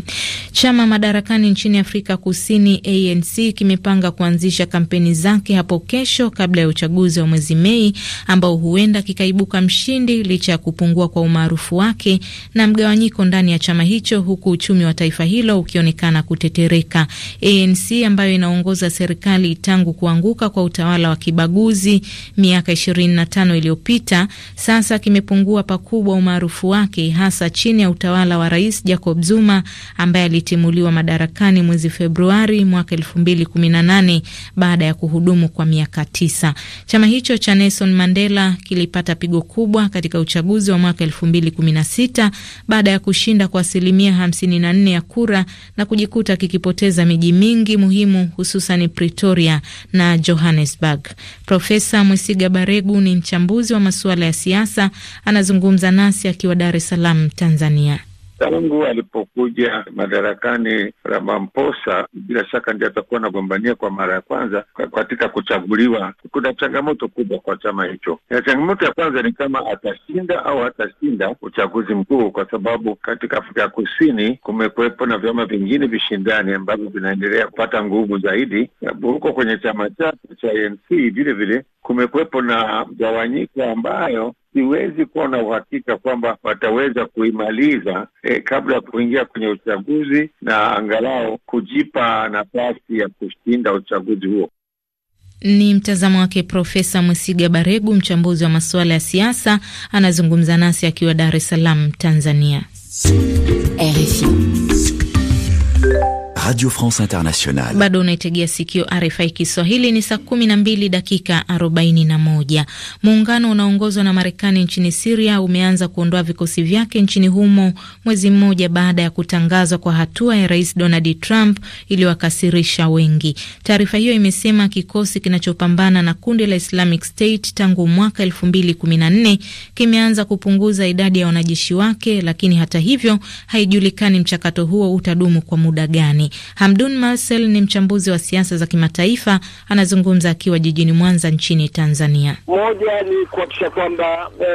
Chama madarakani nchini Afrika Kusini, ANC, kimepanga kuanzisha kampeni zake hapo kesho kabla ya uchaguzi wa mwezi Mei ambao huenda kikaibuka mshindi licha ya kupungua kwa umaarufu wake na mgawanyiko ndani ya chama hicho, huku uchumi wa taifa hilo ukionekana kutetereka. ANC ambayo inaongoza serikali tangu kuanguka kwa utawala wa kibaguzi miaka 25 iliyopita iliyopita sasa kimepungua pakubwa umaarufu wake, hasa chini ya utawala wa Rais Jacob Zuma ambaye alitimuliwa madarakani mwezi Februari mwaka 2018 baada ya kuhudumu kwa miaka tisa. Chama hicho cha Nelson Mandela kilipata pigo kubwa katika uchaguzi wa mwaka 2016 baada ya kushinda kwa asilimia 54 ya kura na kujikuta kikipoteza miji mingi muhimu hususan Pretoria na Johannesburg. Profesa Mwesiga Baregu ni mchambuzi wa masuala ya siasa, anazungumza nasi akiwa Dar es Salaam, Tanzania. Tangu alipokuja madarakani Ramaphosa, bila shaka ndiye atakuwa anagombania kwa mara ya kwanza katika kuchaguliwa. Kuna changamoto kubwa kwa chama hicho, na changamoto ya kwanza ni kama atashinda au hatashinda uchaguzi mkuu, kwa sababu katika Afrika ya Kusini kumekuwepo na vyama vingine vishindani ambavyo vinaendelea kupata nguvu zaidi. Huko kwenye chama chake cha ANC vilevile kumekuwepo na mgawanyiko ambayo siwezi kuwa na uhakika kwamba wataweza kuimaliza eh, kabla ya kuingia kwenye uchaguzi na angalau kujipa nafasi ya kushinda uchaguzi huo. Ni mtazamo wake Profesa Mwesiga Baregu, mchambuzi wa masuala ya siasa, anazungumza nasi akiwa Dar es Salaam, Tanzania. RFI. Radio France Internationale. Bado unaitegea sikio RFI Kiswahili. Ni saa mbili dakika 41. Muungano unaongozwa na Marekani nchini Siria umeanza kuondoa vikosi vyake nchini humo mwezi mmoja baada ya kutangazwa kwa hatua ya Rais Donald Trump iliyowakasirisha wengi. Taarifa hiyo imesema kikosi kinachopambana na kundi la Islamic State tangu mwaka nne kimeanza kupunguza idadi ya wanajeshi wake, lakini hata hivyo haijulikani mchakato huo utadumu kwa muda gani. Hamdun Marcel ni mchambuzi wa siasa za kimataifa, anazungumza akiwa jijini Mwanza nchini Tanzania. Moja ni kuhakikisha kwamba e,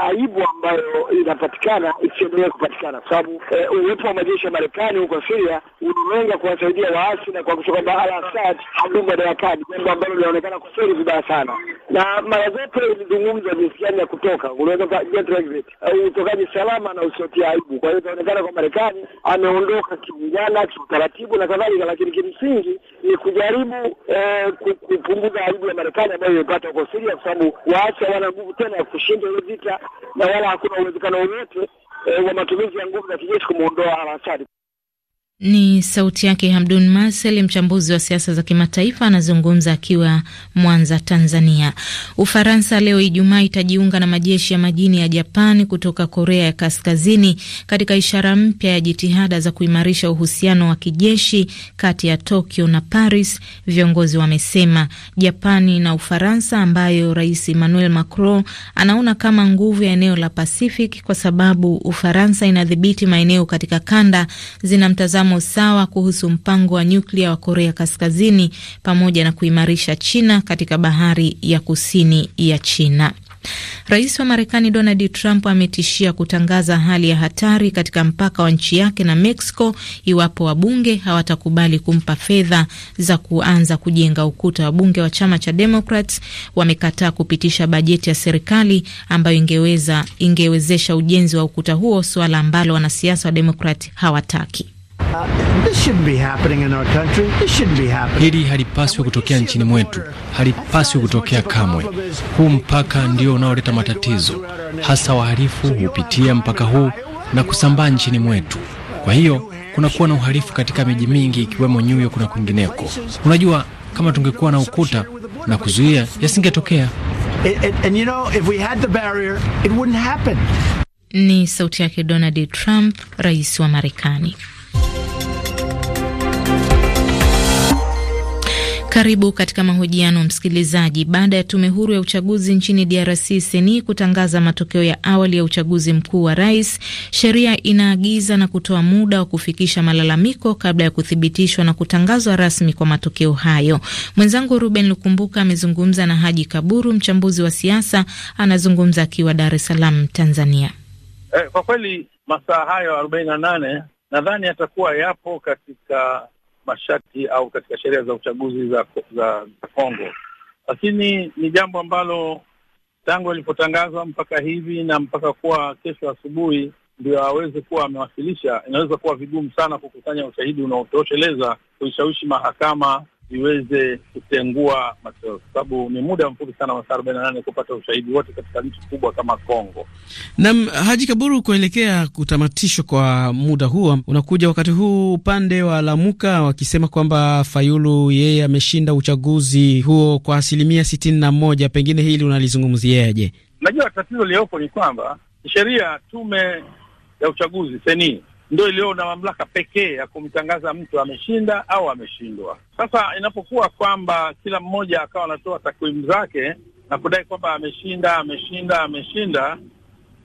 aibu ambayo inapatikana isiendelee kupatikana, kwa sababu e, uwepo wa majeshi ya Marekani huko Siria ulilenga kuwasaidia waasi na kuhakikisha kwamba Al Asad hadumu madarakani, jambo ambalo linaonekana kufeli vibaya sana, na mara zote ilizungumza jinsi gani ya kutoka eh, utokaji salama na usiotia aibu. Kwa hiyo itaonekana kwa Marekani ameondoka kiungana taratibu na kadhalika, lakini kimsingi ni kujaribu eh, kupunguza aibu ya Marekani ambayo imepata huko siria kwa sababu waache hawana nguvu tena ya kushinda ile vita na wala hakuna uwezekano wowote eh, wa matumizi ya nguvu za kijeshi kumuondoa al-Assad. Ni sauti yake Hamdun Masel, mchambuzi wa siasa za kimataifa, anazungumza akiwa Mwanza, Tanzania. Ufaransa leo Ijumaa itajiunga na majeshi ya majini ya Japan kutoka Korea ya Kaskazini katika ishara mpya ya jitihada za kuimarisha uhusiano wa kijeshi kati ya Tokyo na Paris, viongozi wamesema. Japani na Ufaransa, ambayo Rais Emmanuel Macron anaona kama nguvu ya eneo la Pacific kwa sababu Ufaransa inadhibiti maeneo katika kanda zinamtazam msimamo sawa kuhusu mpango wa nyuklia wa Korea Kaskazini pamoja na kuimarisha China katika bahari ya kusini ya China. Rais wa Marekani Donald Trump ametishia kutangaza hali ya hatari katika mpaka wa nchi yake na Mexico iwapo wabunge hawatakubali kumpa fedha za kuanza kujenga ukuta. Wabunge wa chama cha Democrats wamekataa kupitisha bajeti ya serikali ambayo ingeweza ingewezesha ujenzi wa ukuta huo, suala ambalo wanasiasa wa Demokrat hawataki. Uh, hili halipaswi kutokea nchini mwetu, halipaswi kutokea kamwe. Huu mpaka ndio unaoleta matatizo, hasa wahalifu hupitia mpaka huu na kusambaa nchini mwetu. Kwa hiyo kunakuwa na uhalifu katika miji mingi ikiwemo New York na kwingineko. Unajua, kama tungekuwa na ukuta na kuzuia, yasingetokea. ni sauti yake Donald Trump, rais wa Marekani. Karibu katika mahojiano msikilizaji. Baada ya tume huru ya uchaguzi nchini DRC seni kutangaza matokeo ya awali ya uchaguzi mkuu wa rais, sheria inaagiza na kutoa muda wa kufikisha malalamiko kabla ya kuthibitishwa na kutangazwa rasmi kwa matokeo hayo. Mwenzangu Ruben Lukumbuka amezungumza na Haji Kaburu, mchambuzi wa siasa, anazungumza akiwa Dar es Salaam, Tanzania. Eh, kwa kweli masaa hayo arobaini na nane nadhani yatakuwa yapo katika masharti au katika sheria za uchaguzi za za Kongo, lakini ni jambo ambalo tangu alipotangazwa mpaka hivi na mpaka kuwa kesho asubuhi ndio aweze kuwa amewasilisha, inaweza kuwa vigumu sana kukusanya ushahidi unaotosheleza kuishawishi mahakama ziweze kutengua matokeo, kwa sababu ni muda mfupi sana, masaa arobaini na nane kupata ushahidi wote katika nchi kubwa kama Kongo. Nam Haji Kaburu, kuelekea kutamatishwa kwa muda huo, unakuja wakati huu upande wa Lamuka wakisema kwamba Fayulu yeye ameshinda uchaguzi huo kwa asilimia sitini na moja. Pengine hili unalizungumziaje? Najua tatizo liliyopo ni kwamba sheria tume ya uchaguzi seni ndio iliyo na mamlaka pekee ya kumtangaza mtu ameshinda au ameshindwa. Sasa inapokuwa kwamba kila mmoja akawa anatoa takwimu zake na kudai kwamba ameshinda, ameshinda, ameshinda,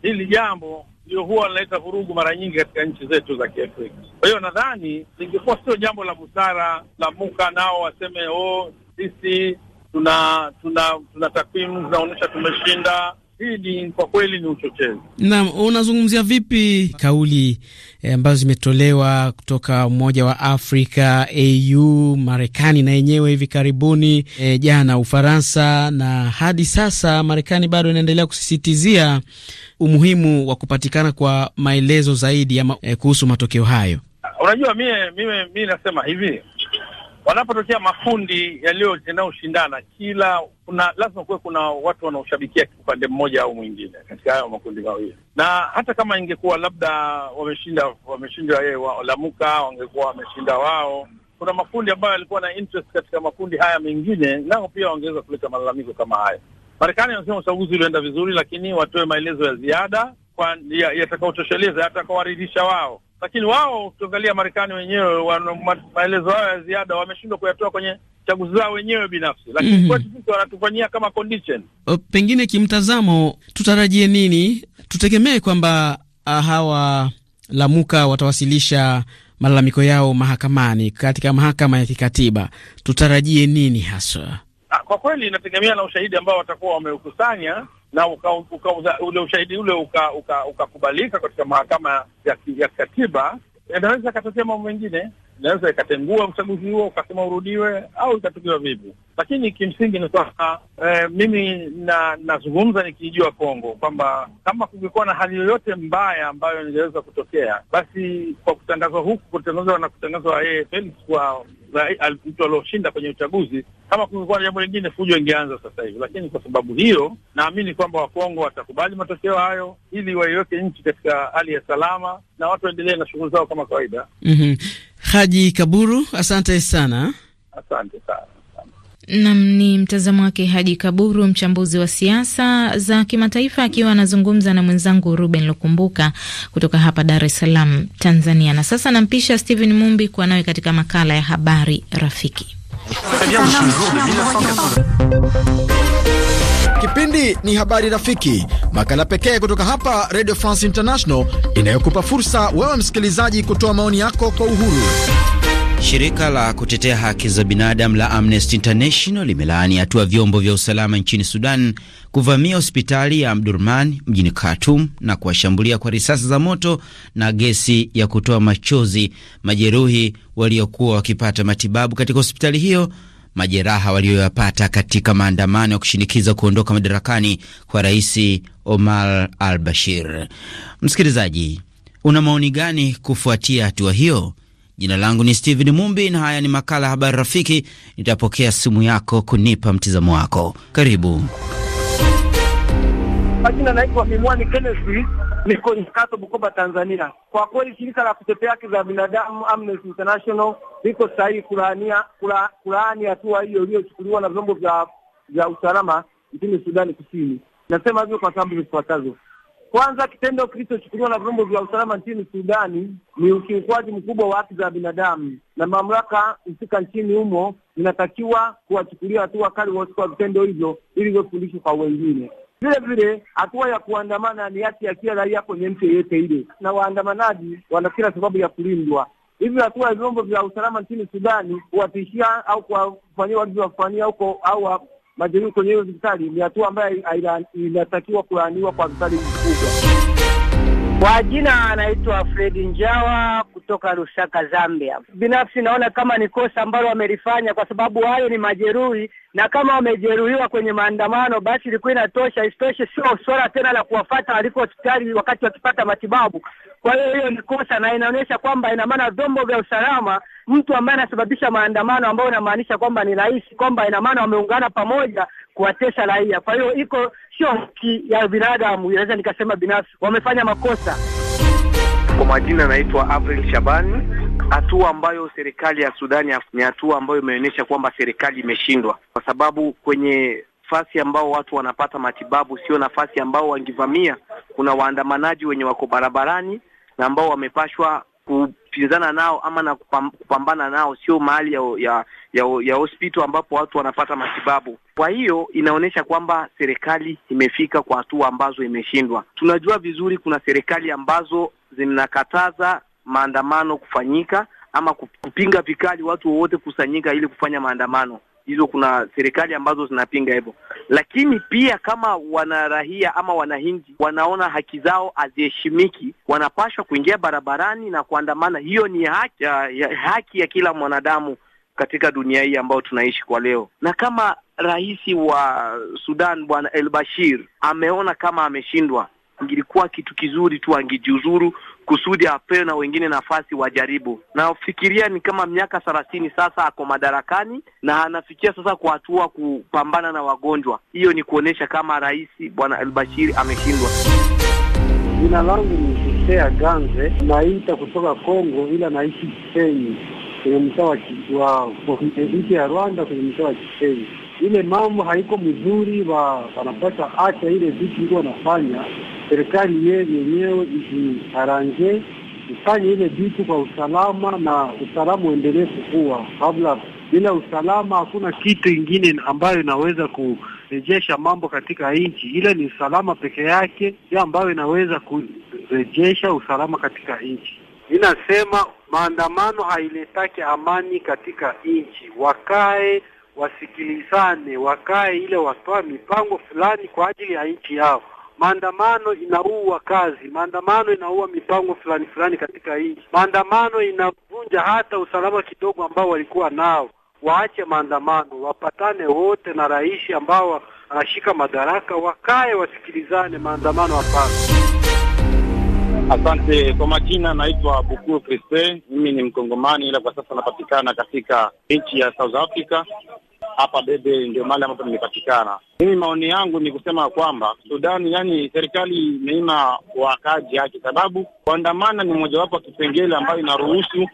hili jambo ndio huwa linaleta vurugu mara nyingi katika nchi zetu za Kiafrika. Kwa hiyo nadhani lingekuwa sio jambo la busara la muka nao waseme oh, sisi tuna tuna tuna takwimu zinaonyesha tumeshinda hii ni kwa kweli ni uchochezi. Naam, unazungumzia vipi kauli eh, ambazo zimetolewa kutoka Umoja wa Afrika, AU, Marekani na yenyewe hivi karibuni e, jana Ufaransa, na hadi sasa Marekani bado inaendelea kusisitizia umuhimu wa kupatikana kwa maelezo zaidi ama, e, kuhusu matokeo hayo. Unajua mie, mimi nasema hivi wanapotokea makundi yanayoshindana, kila kuna lazima kuwe kuna watu wanaoshabikia upande mmoja au mwingine katika hayo makundi mawili, na hata kama ingekuwa labda wameshinda wameshindwa yeye wa, Lamuka wangekuwa wameshinda wao kuna makundi ambayo yalikuwa na interest katika makundi haya mengine, nao pia wangeweza kuleta malalamiko kama haya. Marekani wanasema uchaguzi ulioenda vizuri, lakini watoe maelezo ya ziada yatakaotosheleza, yatakawaridhisha wao lakini wao ukiangalia Marekani wenyewe wana maelezo hayo ya ziada wameshindwa kuyatoa kwenye chaguzi zao wenyewe binafsi, lakini mm -hmm. kwetu sisi wanatufanyia kama condition. Pengine kimtazamo, tutarajie nini? Tutegemee kwamba ah, hawa Lamuka watawasilisha malalamiko yao mahakamani, katika mahakama ya kikatiba. Tutarajie nini haswa? Ah, kwa kweli inategemea na ushahidi ambao watakuwa wameukusanya na uka, uka, ule ushahidi ule ukakubalika uka, uka katika mahakama ya, ya katiba, inaweza ikatokea mambo mengine, inaweza ikatengua uchaguzi huo ukasema urudiwe au ikatukiwa vipi. Lakini kimsingi ni kwamba eh, mimi na nazungumza nikijua Kongo kwamba kama kungekuwa na hali yoyote mbaya ambayo ingeweza kutokea, basi kwa kutangazwa huku kutangazwa na kutangazwa yeye Felix kwa mtu alioshinda kwenye uchaguzi. Kama kungekuwa na jambo lingine, fujo ingeanza sasa hivi, lakini kwa sababu hiyo naamini kwamba Wakongo watakubali matokeo hayo ili waiweke nchi katika hali ya salama na watu waendelee na shughuli zao kama kawaida. mm -hmm. Haji Kaburu, asante sana, asante sana. Nam ni mtazamo wake Haji Kaburu, mchambuzi wa siasa za kimataifa, akiwa anazungumza na mwenzangu Ruben Lukumbuka kutoka hapa Dar es Salaam, Tanzania. Na sasa nampisha Stephen Mumbi kuwa nawe katika makala ya Habari Rafiki. Kipindi ni Habari Rafiki, makala pekee kutoka hapa Radio France International inayokupa fursa wewe msikilizaji kutoa maoni yako kwa uhuru. Shirika la kutetea haki za binadamu la Amnesty International limelaani hatua vyombo vya usalama nchini Sudan kuvamia hospitali ya Abdurman mjini Khartoum na kuwashambulia kwa risasi za moto na gesi ya kutoa machozi majeruhi waliokuwa wakipata matibabu katika hospitali hiyo, majeraha walioyapata katika maandamano ya kushinikiza kuondoka madarakani kwa Rais Omar al Bashir. Msikilizaji, una maoni gani kufuatia hatua hiyo? Jina langu ni Steven Mumbi na haya ni makala ya Habari Rafiki. Nitapokea simu yako kunipa mtizamo wako. Karibu. Majina naitwa Mimwani Kenneth, niko Nyakato, Bukoba, Tanzania. Kwa kweli shirika la kutetea haki za binadamu Amnesty International liko sahihi kulaani hatua hiyo iliyochukuliwa na vyombo vya usalama nchini Sudani Kusini. Nasema hivyo kwa sababu zifuatazo. Kwanza, kitendo kilichochukuliwa na vyombo vya usalama nchini Sudani ni ukiukwaji mkubwa wa haki za binadamu, na mamlaka husika nchini humo zinatakiwa kuwachukulia hatua kali wote vitendo hivyo, ili vyofundishwa kwa wengine. Vile vile hatua ya kuandamana ni haki ya kila raia kwenye nchi yeyote ile, na waandamanaji wana kila sababu ya kulindwa. Hivyo hatua ya vyombo vya usalama nchini Sudani kuwatishia au kuwafanyia walivyowafanyia huko au majeruhi kwenye hiyo hospitali ni hatua ambayo inatakiwa kulaaniwa kwa hospitali kubwa. Kwa jina anaitwa Fredi Njawa kutoka Lusaka, Zambia. Binafsi naona kama ni kosa ambalo wamelifanya, kwa sababu hayo ni majeruhi, na kama wamejeruhiwa kwenye maandamano, basi ilikuwa inatosha. Isitoshe sio swala tena la kuwafata waliko hospitali wakati wakipata matibabu. Kwa hiyo hiyo ni kosa, na inaonyesha kwamba ina maana vyombo vya usalama, mtu ambaye anasababisha maandamano ambayo inamaanisha kwamba ni rais, kwamba ina maana wameungana pamoja kuwatesa raia. Kwa hiyo iko sio haki ya binadamu, inaweza nikasema binafsi wamefanya makosa. Kwa majina anaitwa Avril Shabani. Hatua ambayo serikali ya Sudani ni hatua ambayo imeonyesha kwamba serikali imeshindwa, kwa sababu kwenye nafasi ambao watu wanapata matibabu sio nafasi ambao wangivamia. Kuna waandamanaji wenye wako barabarani na ambao wamepashwa kupinzana nao ama na kupambana nao, sio mahali ya ya, ya, ya hospital ambapo watu wanapata matibabu. Kwa hiyo inaonyesha kwamba serikali imefika kwa hatua ambazo imeshindwa. Tunajua vizuri kuna serikali ambazo zinakataza maandamano kufanyika ama kupinga vikali watu wowote kusanyika ili kufanya maandamano. Hizo kuna serikali ambazo zinapinga hivyo, lakini pia kama wanarahia ama wanahinji wanaona haki zao haziheshimiki, wanapashwa kuingia barabarani na kuandamana. Hiyo ni haki ya, ya, haki ya kila mwanadamu katika dunia hii ambayo tunaishi kwa leo, na kama rais wa Sudan Bwana El Bashir ameona kama ameshindwa ingilikuwa kitu kizuri tu angejiuzuru kusudi apewe na wengine nafasi wajaribu. Nafikiria ni kama miaka thelathini sasa ako madarakani na anafikia sasa kwa hatua kupambana na wagonjwa. Hiyo ni kuonyesha kama rais bwana Albashiri ameshindwa. Jina langu ni Jisea Ganze, naita kutoka Kongo, ila naishi Kisenyi kwenye mtaa wa nchi ya Rwanda kwenye mtaa wa Kisenyi ile mambo haiko mzuri, wanapasha acha ile vitu ndio wanafanya. Serikali yenyewe ijiaranje ifanye ile vitu kwa usalama, na usalama uendelee kukua kabla. Bila usalama hakuna kitu ingine ambayo inaweza kurejesha mambo katika nchi, ile ni usalama peke yake ya ambayo inaweza kurejesha usalama katika nchi. Inasema maandamano hailetake amani katika nchi, wakae wasikilizane, wakae ile watoa mipango fulani kwa ajili ya nchi yao. Maandamano inaua kazi, maandamano inaua mipango fulani fulani katika nchi, maandamano inavunja hata usalama kidogo ambao walikuwa nao. Waache maandamano, wapatane wote na rais ambao anashika madaraka, wakae wasikilizane. Maandamano hapana. Asante kwa majina, naitwa Bukuru Kriste. Mimi ni Mkongomani, ila kwa sasa napatikana katika nchi ya South Africa, hapa bebe ndio mahali ambapo nimepatikana. Mimi maoni yangu ni kusema kwamba Sudani, yani serikali imeima wakaji yake, sababu kuandamana ni mojawapo wa kipengele ambayo inaruhusu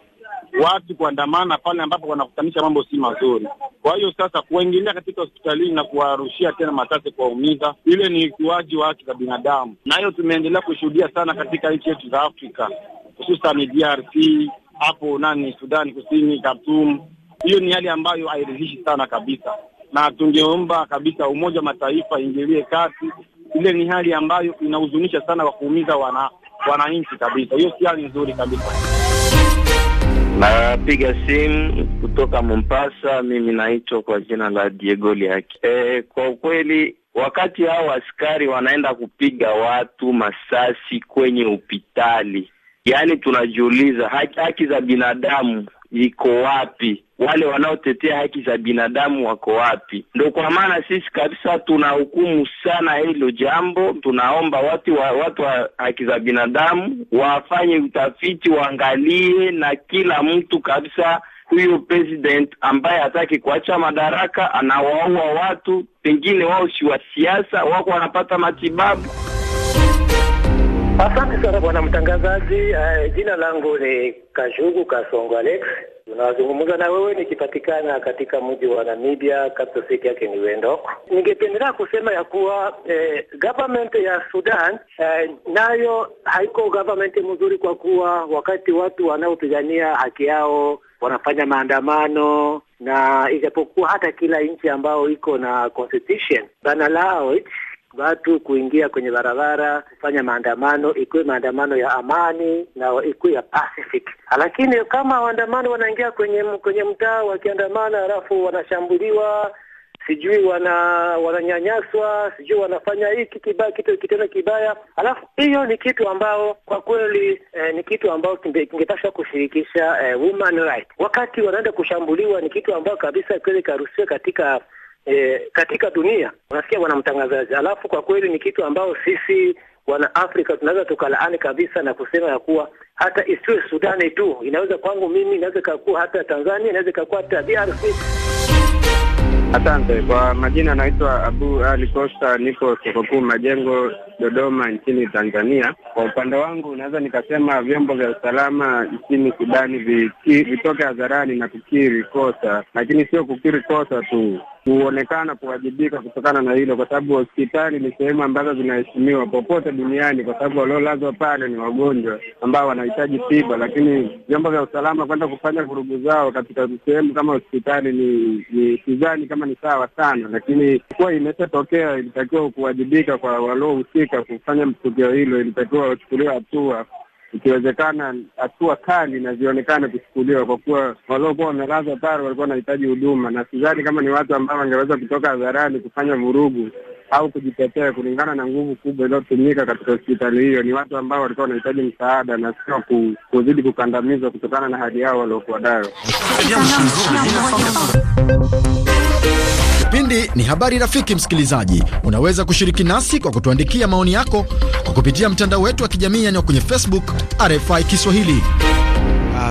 watu kuandamana pale ambapo wanakutanisha mambo si mazuri. Kwa hiyo sasa kuwaingilia katika hospitalini na kuwarushia tena matase, kuwaumiza, ile ni ukiwaji wa haki za binadamu, na hiyo tumeendelea kushuhudia sana katika nchi yetu za Afrika, hususan DRC hapo nani, Sudani Kusini, Khartoum. Hiyo ni hali ambayo hairidhishi sana kabisa, na tungeomba kabisa Umoja wa Mataifa ingilie kati. Ile ni hali ambayo inahuzunisha sana kwa kuumiza wana wananchi kabisa. Hiyo si hali nzuri kabisa. Napiga ah, simu kutoka Mombasa. Mimi naitwa kwa jina la Diego Liaki. E, kwa ukweli wakati hao askari wanaenda kupiga watu masasi kwenye hospitali, yaani tunajiuliza haki, haki za binadamu iko wapi? Wale wanaotetea haki za binadamu wako wapi? Ndo kwa maana sisi kabisa tunahukumu sana hilo jambo. Tunaomba watu wa, watu wa haki za binadamu wafanye utafiti, waangalie na kila mtu kabisa huyo president ambaye hataki kuacha madaraka anawaua watu, pengine wao si wa siasa, wako wanapata matibabu. Asante sana bwana mtangazaji. Uh, jina langu ni kajugu Kasongo Alex, unazungumza na wewe nikipatikana katika mji wa Namibia, capital yake ni Windhoek. Ningependelea kusema ya kuwa eh, government ya Sudan eh, nayo haiko government mzuri, kwa kuwa wakati watu wanaopigania haki yao wanafanya maandamano, na ijapokuwa hata kila nchi ambayo iko na constitution bana lao watu kuingia kwenye barabara kufanya maandamano, ikiwe maandamano ya amani na ikiwe ya pacific. Lakini kama waandamano wanaingia kwenye kwenye mtaa wakiandamana, halafu wanashambuliwa, sijui wana wananyanyaswa, sijui wanafanya hiki kibaya kitu kitendo kibaya, alafu hiyo ni kitu ambao kwa kweli eh, ni kitu ambao kingepaswa kushirikisha eh, Wakati wanaenda kushambuliwa, ni kitu ambao kabisa kweli karuhusiwa katika e, katika dunia unasikia bwana mtangazaji. Alafu kwa kweli ni kitu ambao sisi wana Afrika tunaweza tukalaani kabisa na kusema ya kuwa hata isiwe Sudani tu, inaweza kwangu mimi, inaweza ikakuwa hata Tanzania, inaweza ikakuwa hata DRC. Asante kwa majina, naitwa Abu Ali Costa, niko soko kuu Majengo, Dodoma, nchini Tanzania. Kwa upande wangu, naweza nikasema vyombo vya usalama nchini Sudani vitoke hadharani na kukiri kosa, lakini sio kukiri kosa tu, kuonekana kuwajibika kutokana na hilo, kwa sababu hospitali ni sehemu ambazo zinaheshimiwa popote duniani, kwa sababu waliolazwa pale ni wagonjwa ambao wanahitaji tiba, lakini vyombo vya usalama kwenda kufanya vurugu zao katika sehemu kama hospitali ni, ni sidhani kama kama ni sawa sana, lakini kuwa imeshatokea, ilitakiwa kuwajibika kwa waliohusika kufanya tukio hilo, ilitakiwa wachukuliwa hatua ikiwezekana hatua kali na zionekane kuchukuliwa, kwa kuwa waliokuwa wamelazwa pale walikuwa wanahitaji huduma, na sidhani kama ni watu ambao wangeweza kutoka hadharani kufanya vurugu au kujitetea. Kulingana na nguvu kubwa iliyotumika katika hospitali hiyo, ni watu ambao walikuwa wanahitaji msaada na sio ku, kuzidi kukandamizwa kutokana na hali yao waliokuwa nayo. Kipindi ni habari rafiki. Msikilizaji, unaweza kushiriki nasi kwa kutuandikia maoni yako kwa kupitia mtandao wetu wa kijamii yaani kwenye Facebook RFI Kiswahili.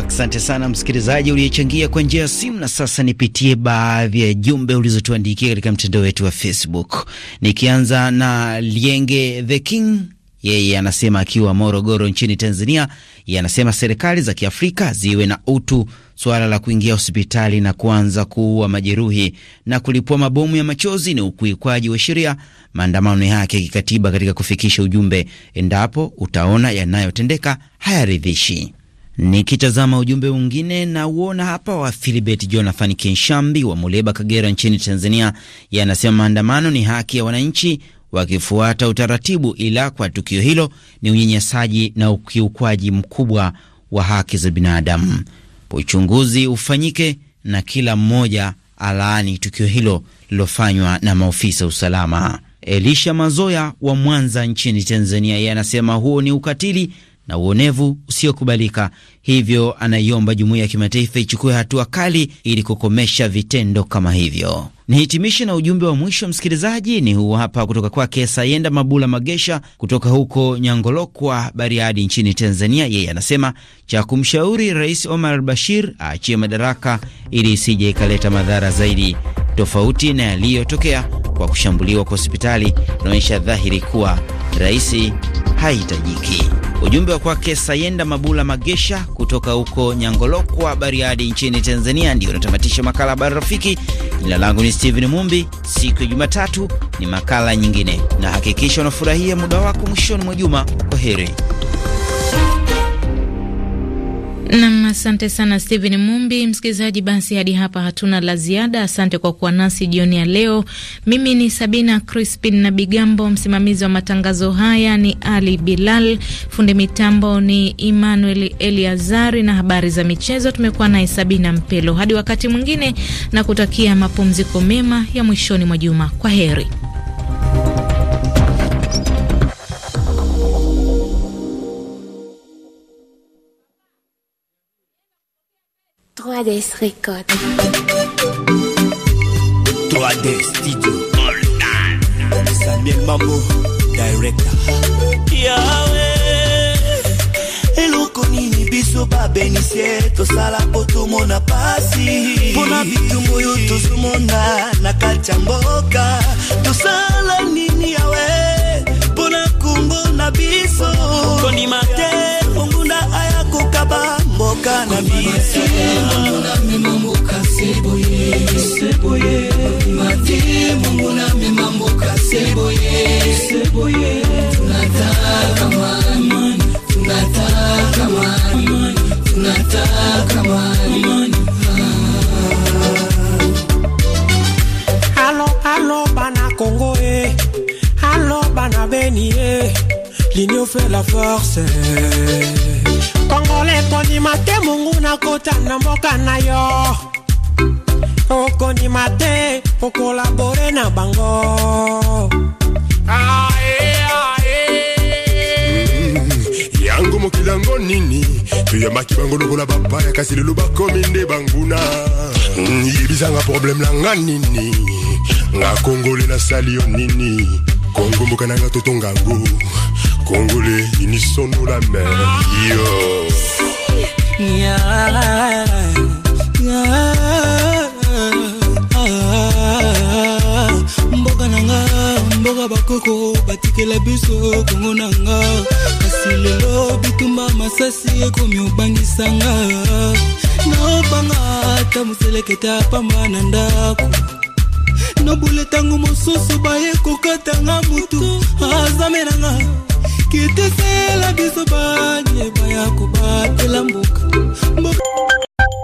Asante sana msikilizaji uliyechangia kwa njia ya simu. Na sasa nipitie baadhi ya jumbe ulizotuandikia katika mtandao wetu wa Facebook, nikianza na Lienge the King yeye anasema akiwa Morogoro nchini Tanzania, yeye anasema serikali za Kiafrika ziwe na utu. Suala la kuingia hospitali na kuanza kuua majeruhi na kulipua mabomu ya machozi ni ukiukwaji wa sheria. Maandamano yake ya kikatiba katika kufikisha ujumbe. Endapo utaona yanayotendeka hayaridhishi Nikitazama ujumbe mwingine na uona hapa wa Filibert Jonathan Kinshambi wa Muleba, Kagera nchini Tanzania, yanasema maandamano ni haki ya wananchi, wakifuata utaratibu, ila kwa tukio hilo ni unyanyasaji na ukiukwaji mkubwa wa haki za binadamu. Uchunguzi ufanyike na kila mmoja alaani tukio hilo lilofanywa na maofisa usalama. Elisha Mazoya wa Mwanza nchini Tanzania, yeye anasema huo ni ukatili na uonevu usiokubalika. Hivyo anaiomba jumuiya ya kimataifa ichukue hatua kali ili kukomesha vitendo kama hivyo. Nihitimishe na ujumbe wa mwisho msikilizaji, ni huu hapa kutoka kwake Sayenda Mabula Magesha kutoka huko Nyangolokwa, Bariadi nchini Tanzania. Yeye anasema cha kumshauri Rais Omar Bashir aachie madaraka ili isije ikaleta madhara zaidi tofauti na yaliyotokea kwa kushambuliwa kwa hospitali inaonyesha dhahiri kuwa rais haitajiki. Ujumbe wa kwake Sayenda Mabula Magesha kutoka huko Nyangolokwa, Bariadi nchini Tanzania ndio unatamatisha makala Habari Rafiki. Jina langu ni Steven Mumbi. Siku ya Jumatatu ni makala nyingine, na hakikisha unafurahia muda wako mwishoni mwa juma. Kwa heri. Nam, asante sana Stephen Mumbi. Msikilizaji, basi hadi hapa hatuna la ziada. Asante kwa kuwa nasi jioni ya leo. Mimi ni Sabina Crispin na Bigambo, msimamizi wa matangazo haya ni Ali Bilal, fundi mitambo ni Emmanuel Eliazari, na habari za michezo tumekuwa naye Sabina Mpelo. Hadi wakati mwingine, na kutakia mapumziko mema ya mwishoni mwa juma. Kwa heri. 3DS Record. 3D Studio. Samuel Mambo, director. Yawe, eloko nini biso babenisie tosala po tomona pasi mpona bitumbu oyo tozomona na kati ya mboka tosala nini yawe mpona nkombo na biso konima te monguna aya kokaba Kumboka na Yesu, Halo halo bana Kongo eh. Halo bana Beni eh. L'union fait la force. kongole kondima te mungu nakota na mboka na yo okondima te okolabore na bango ae, ae. Mm, yango mokili yango nini toyambaki bango lokola bapaya kasi lelo bakomi nde banguna mm, yebisanga probleme na nga nini nga kongole nasali yo nini kongo mboka na nga totongango Congolais, unissons-nous la main. Yo. Yeah, yeah. mboka nanga, nga mboka bakoko batikela biso kongo nanga. nga kasi lelo bitumba masasi ekomi obangisa nga nobanga ata moselekete apamba na ndako nobule ntango mosusu baye kokatanga motu azame na nga kitesela gisobanye bayakubaphela mbuka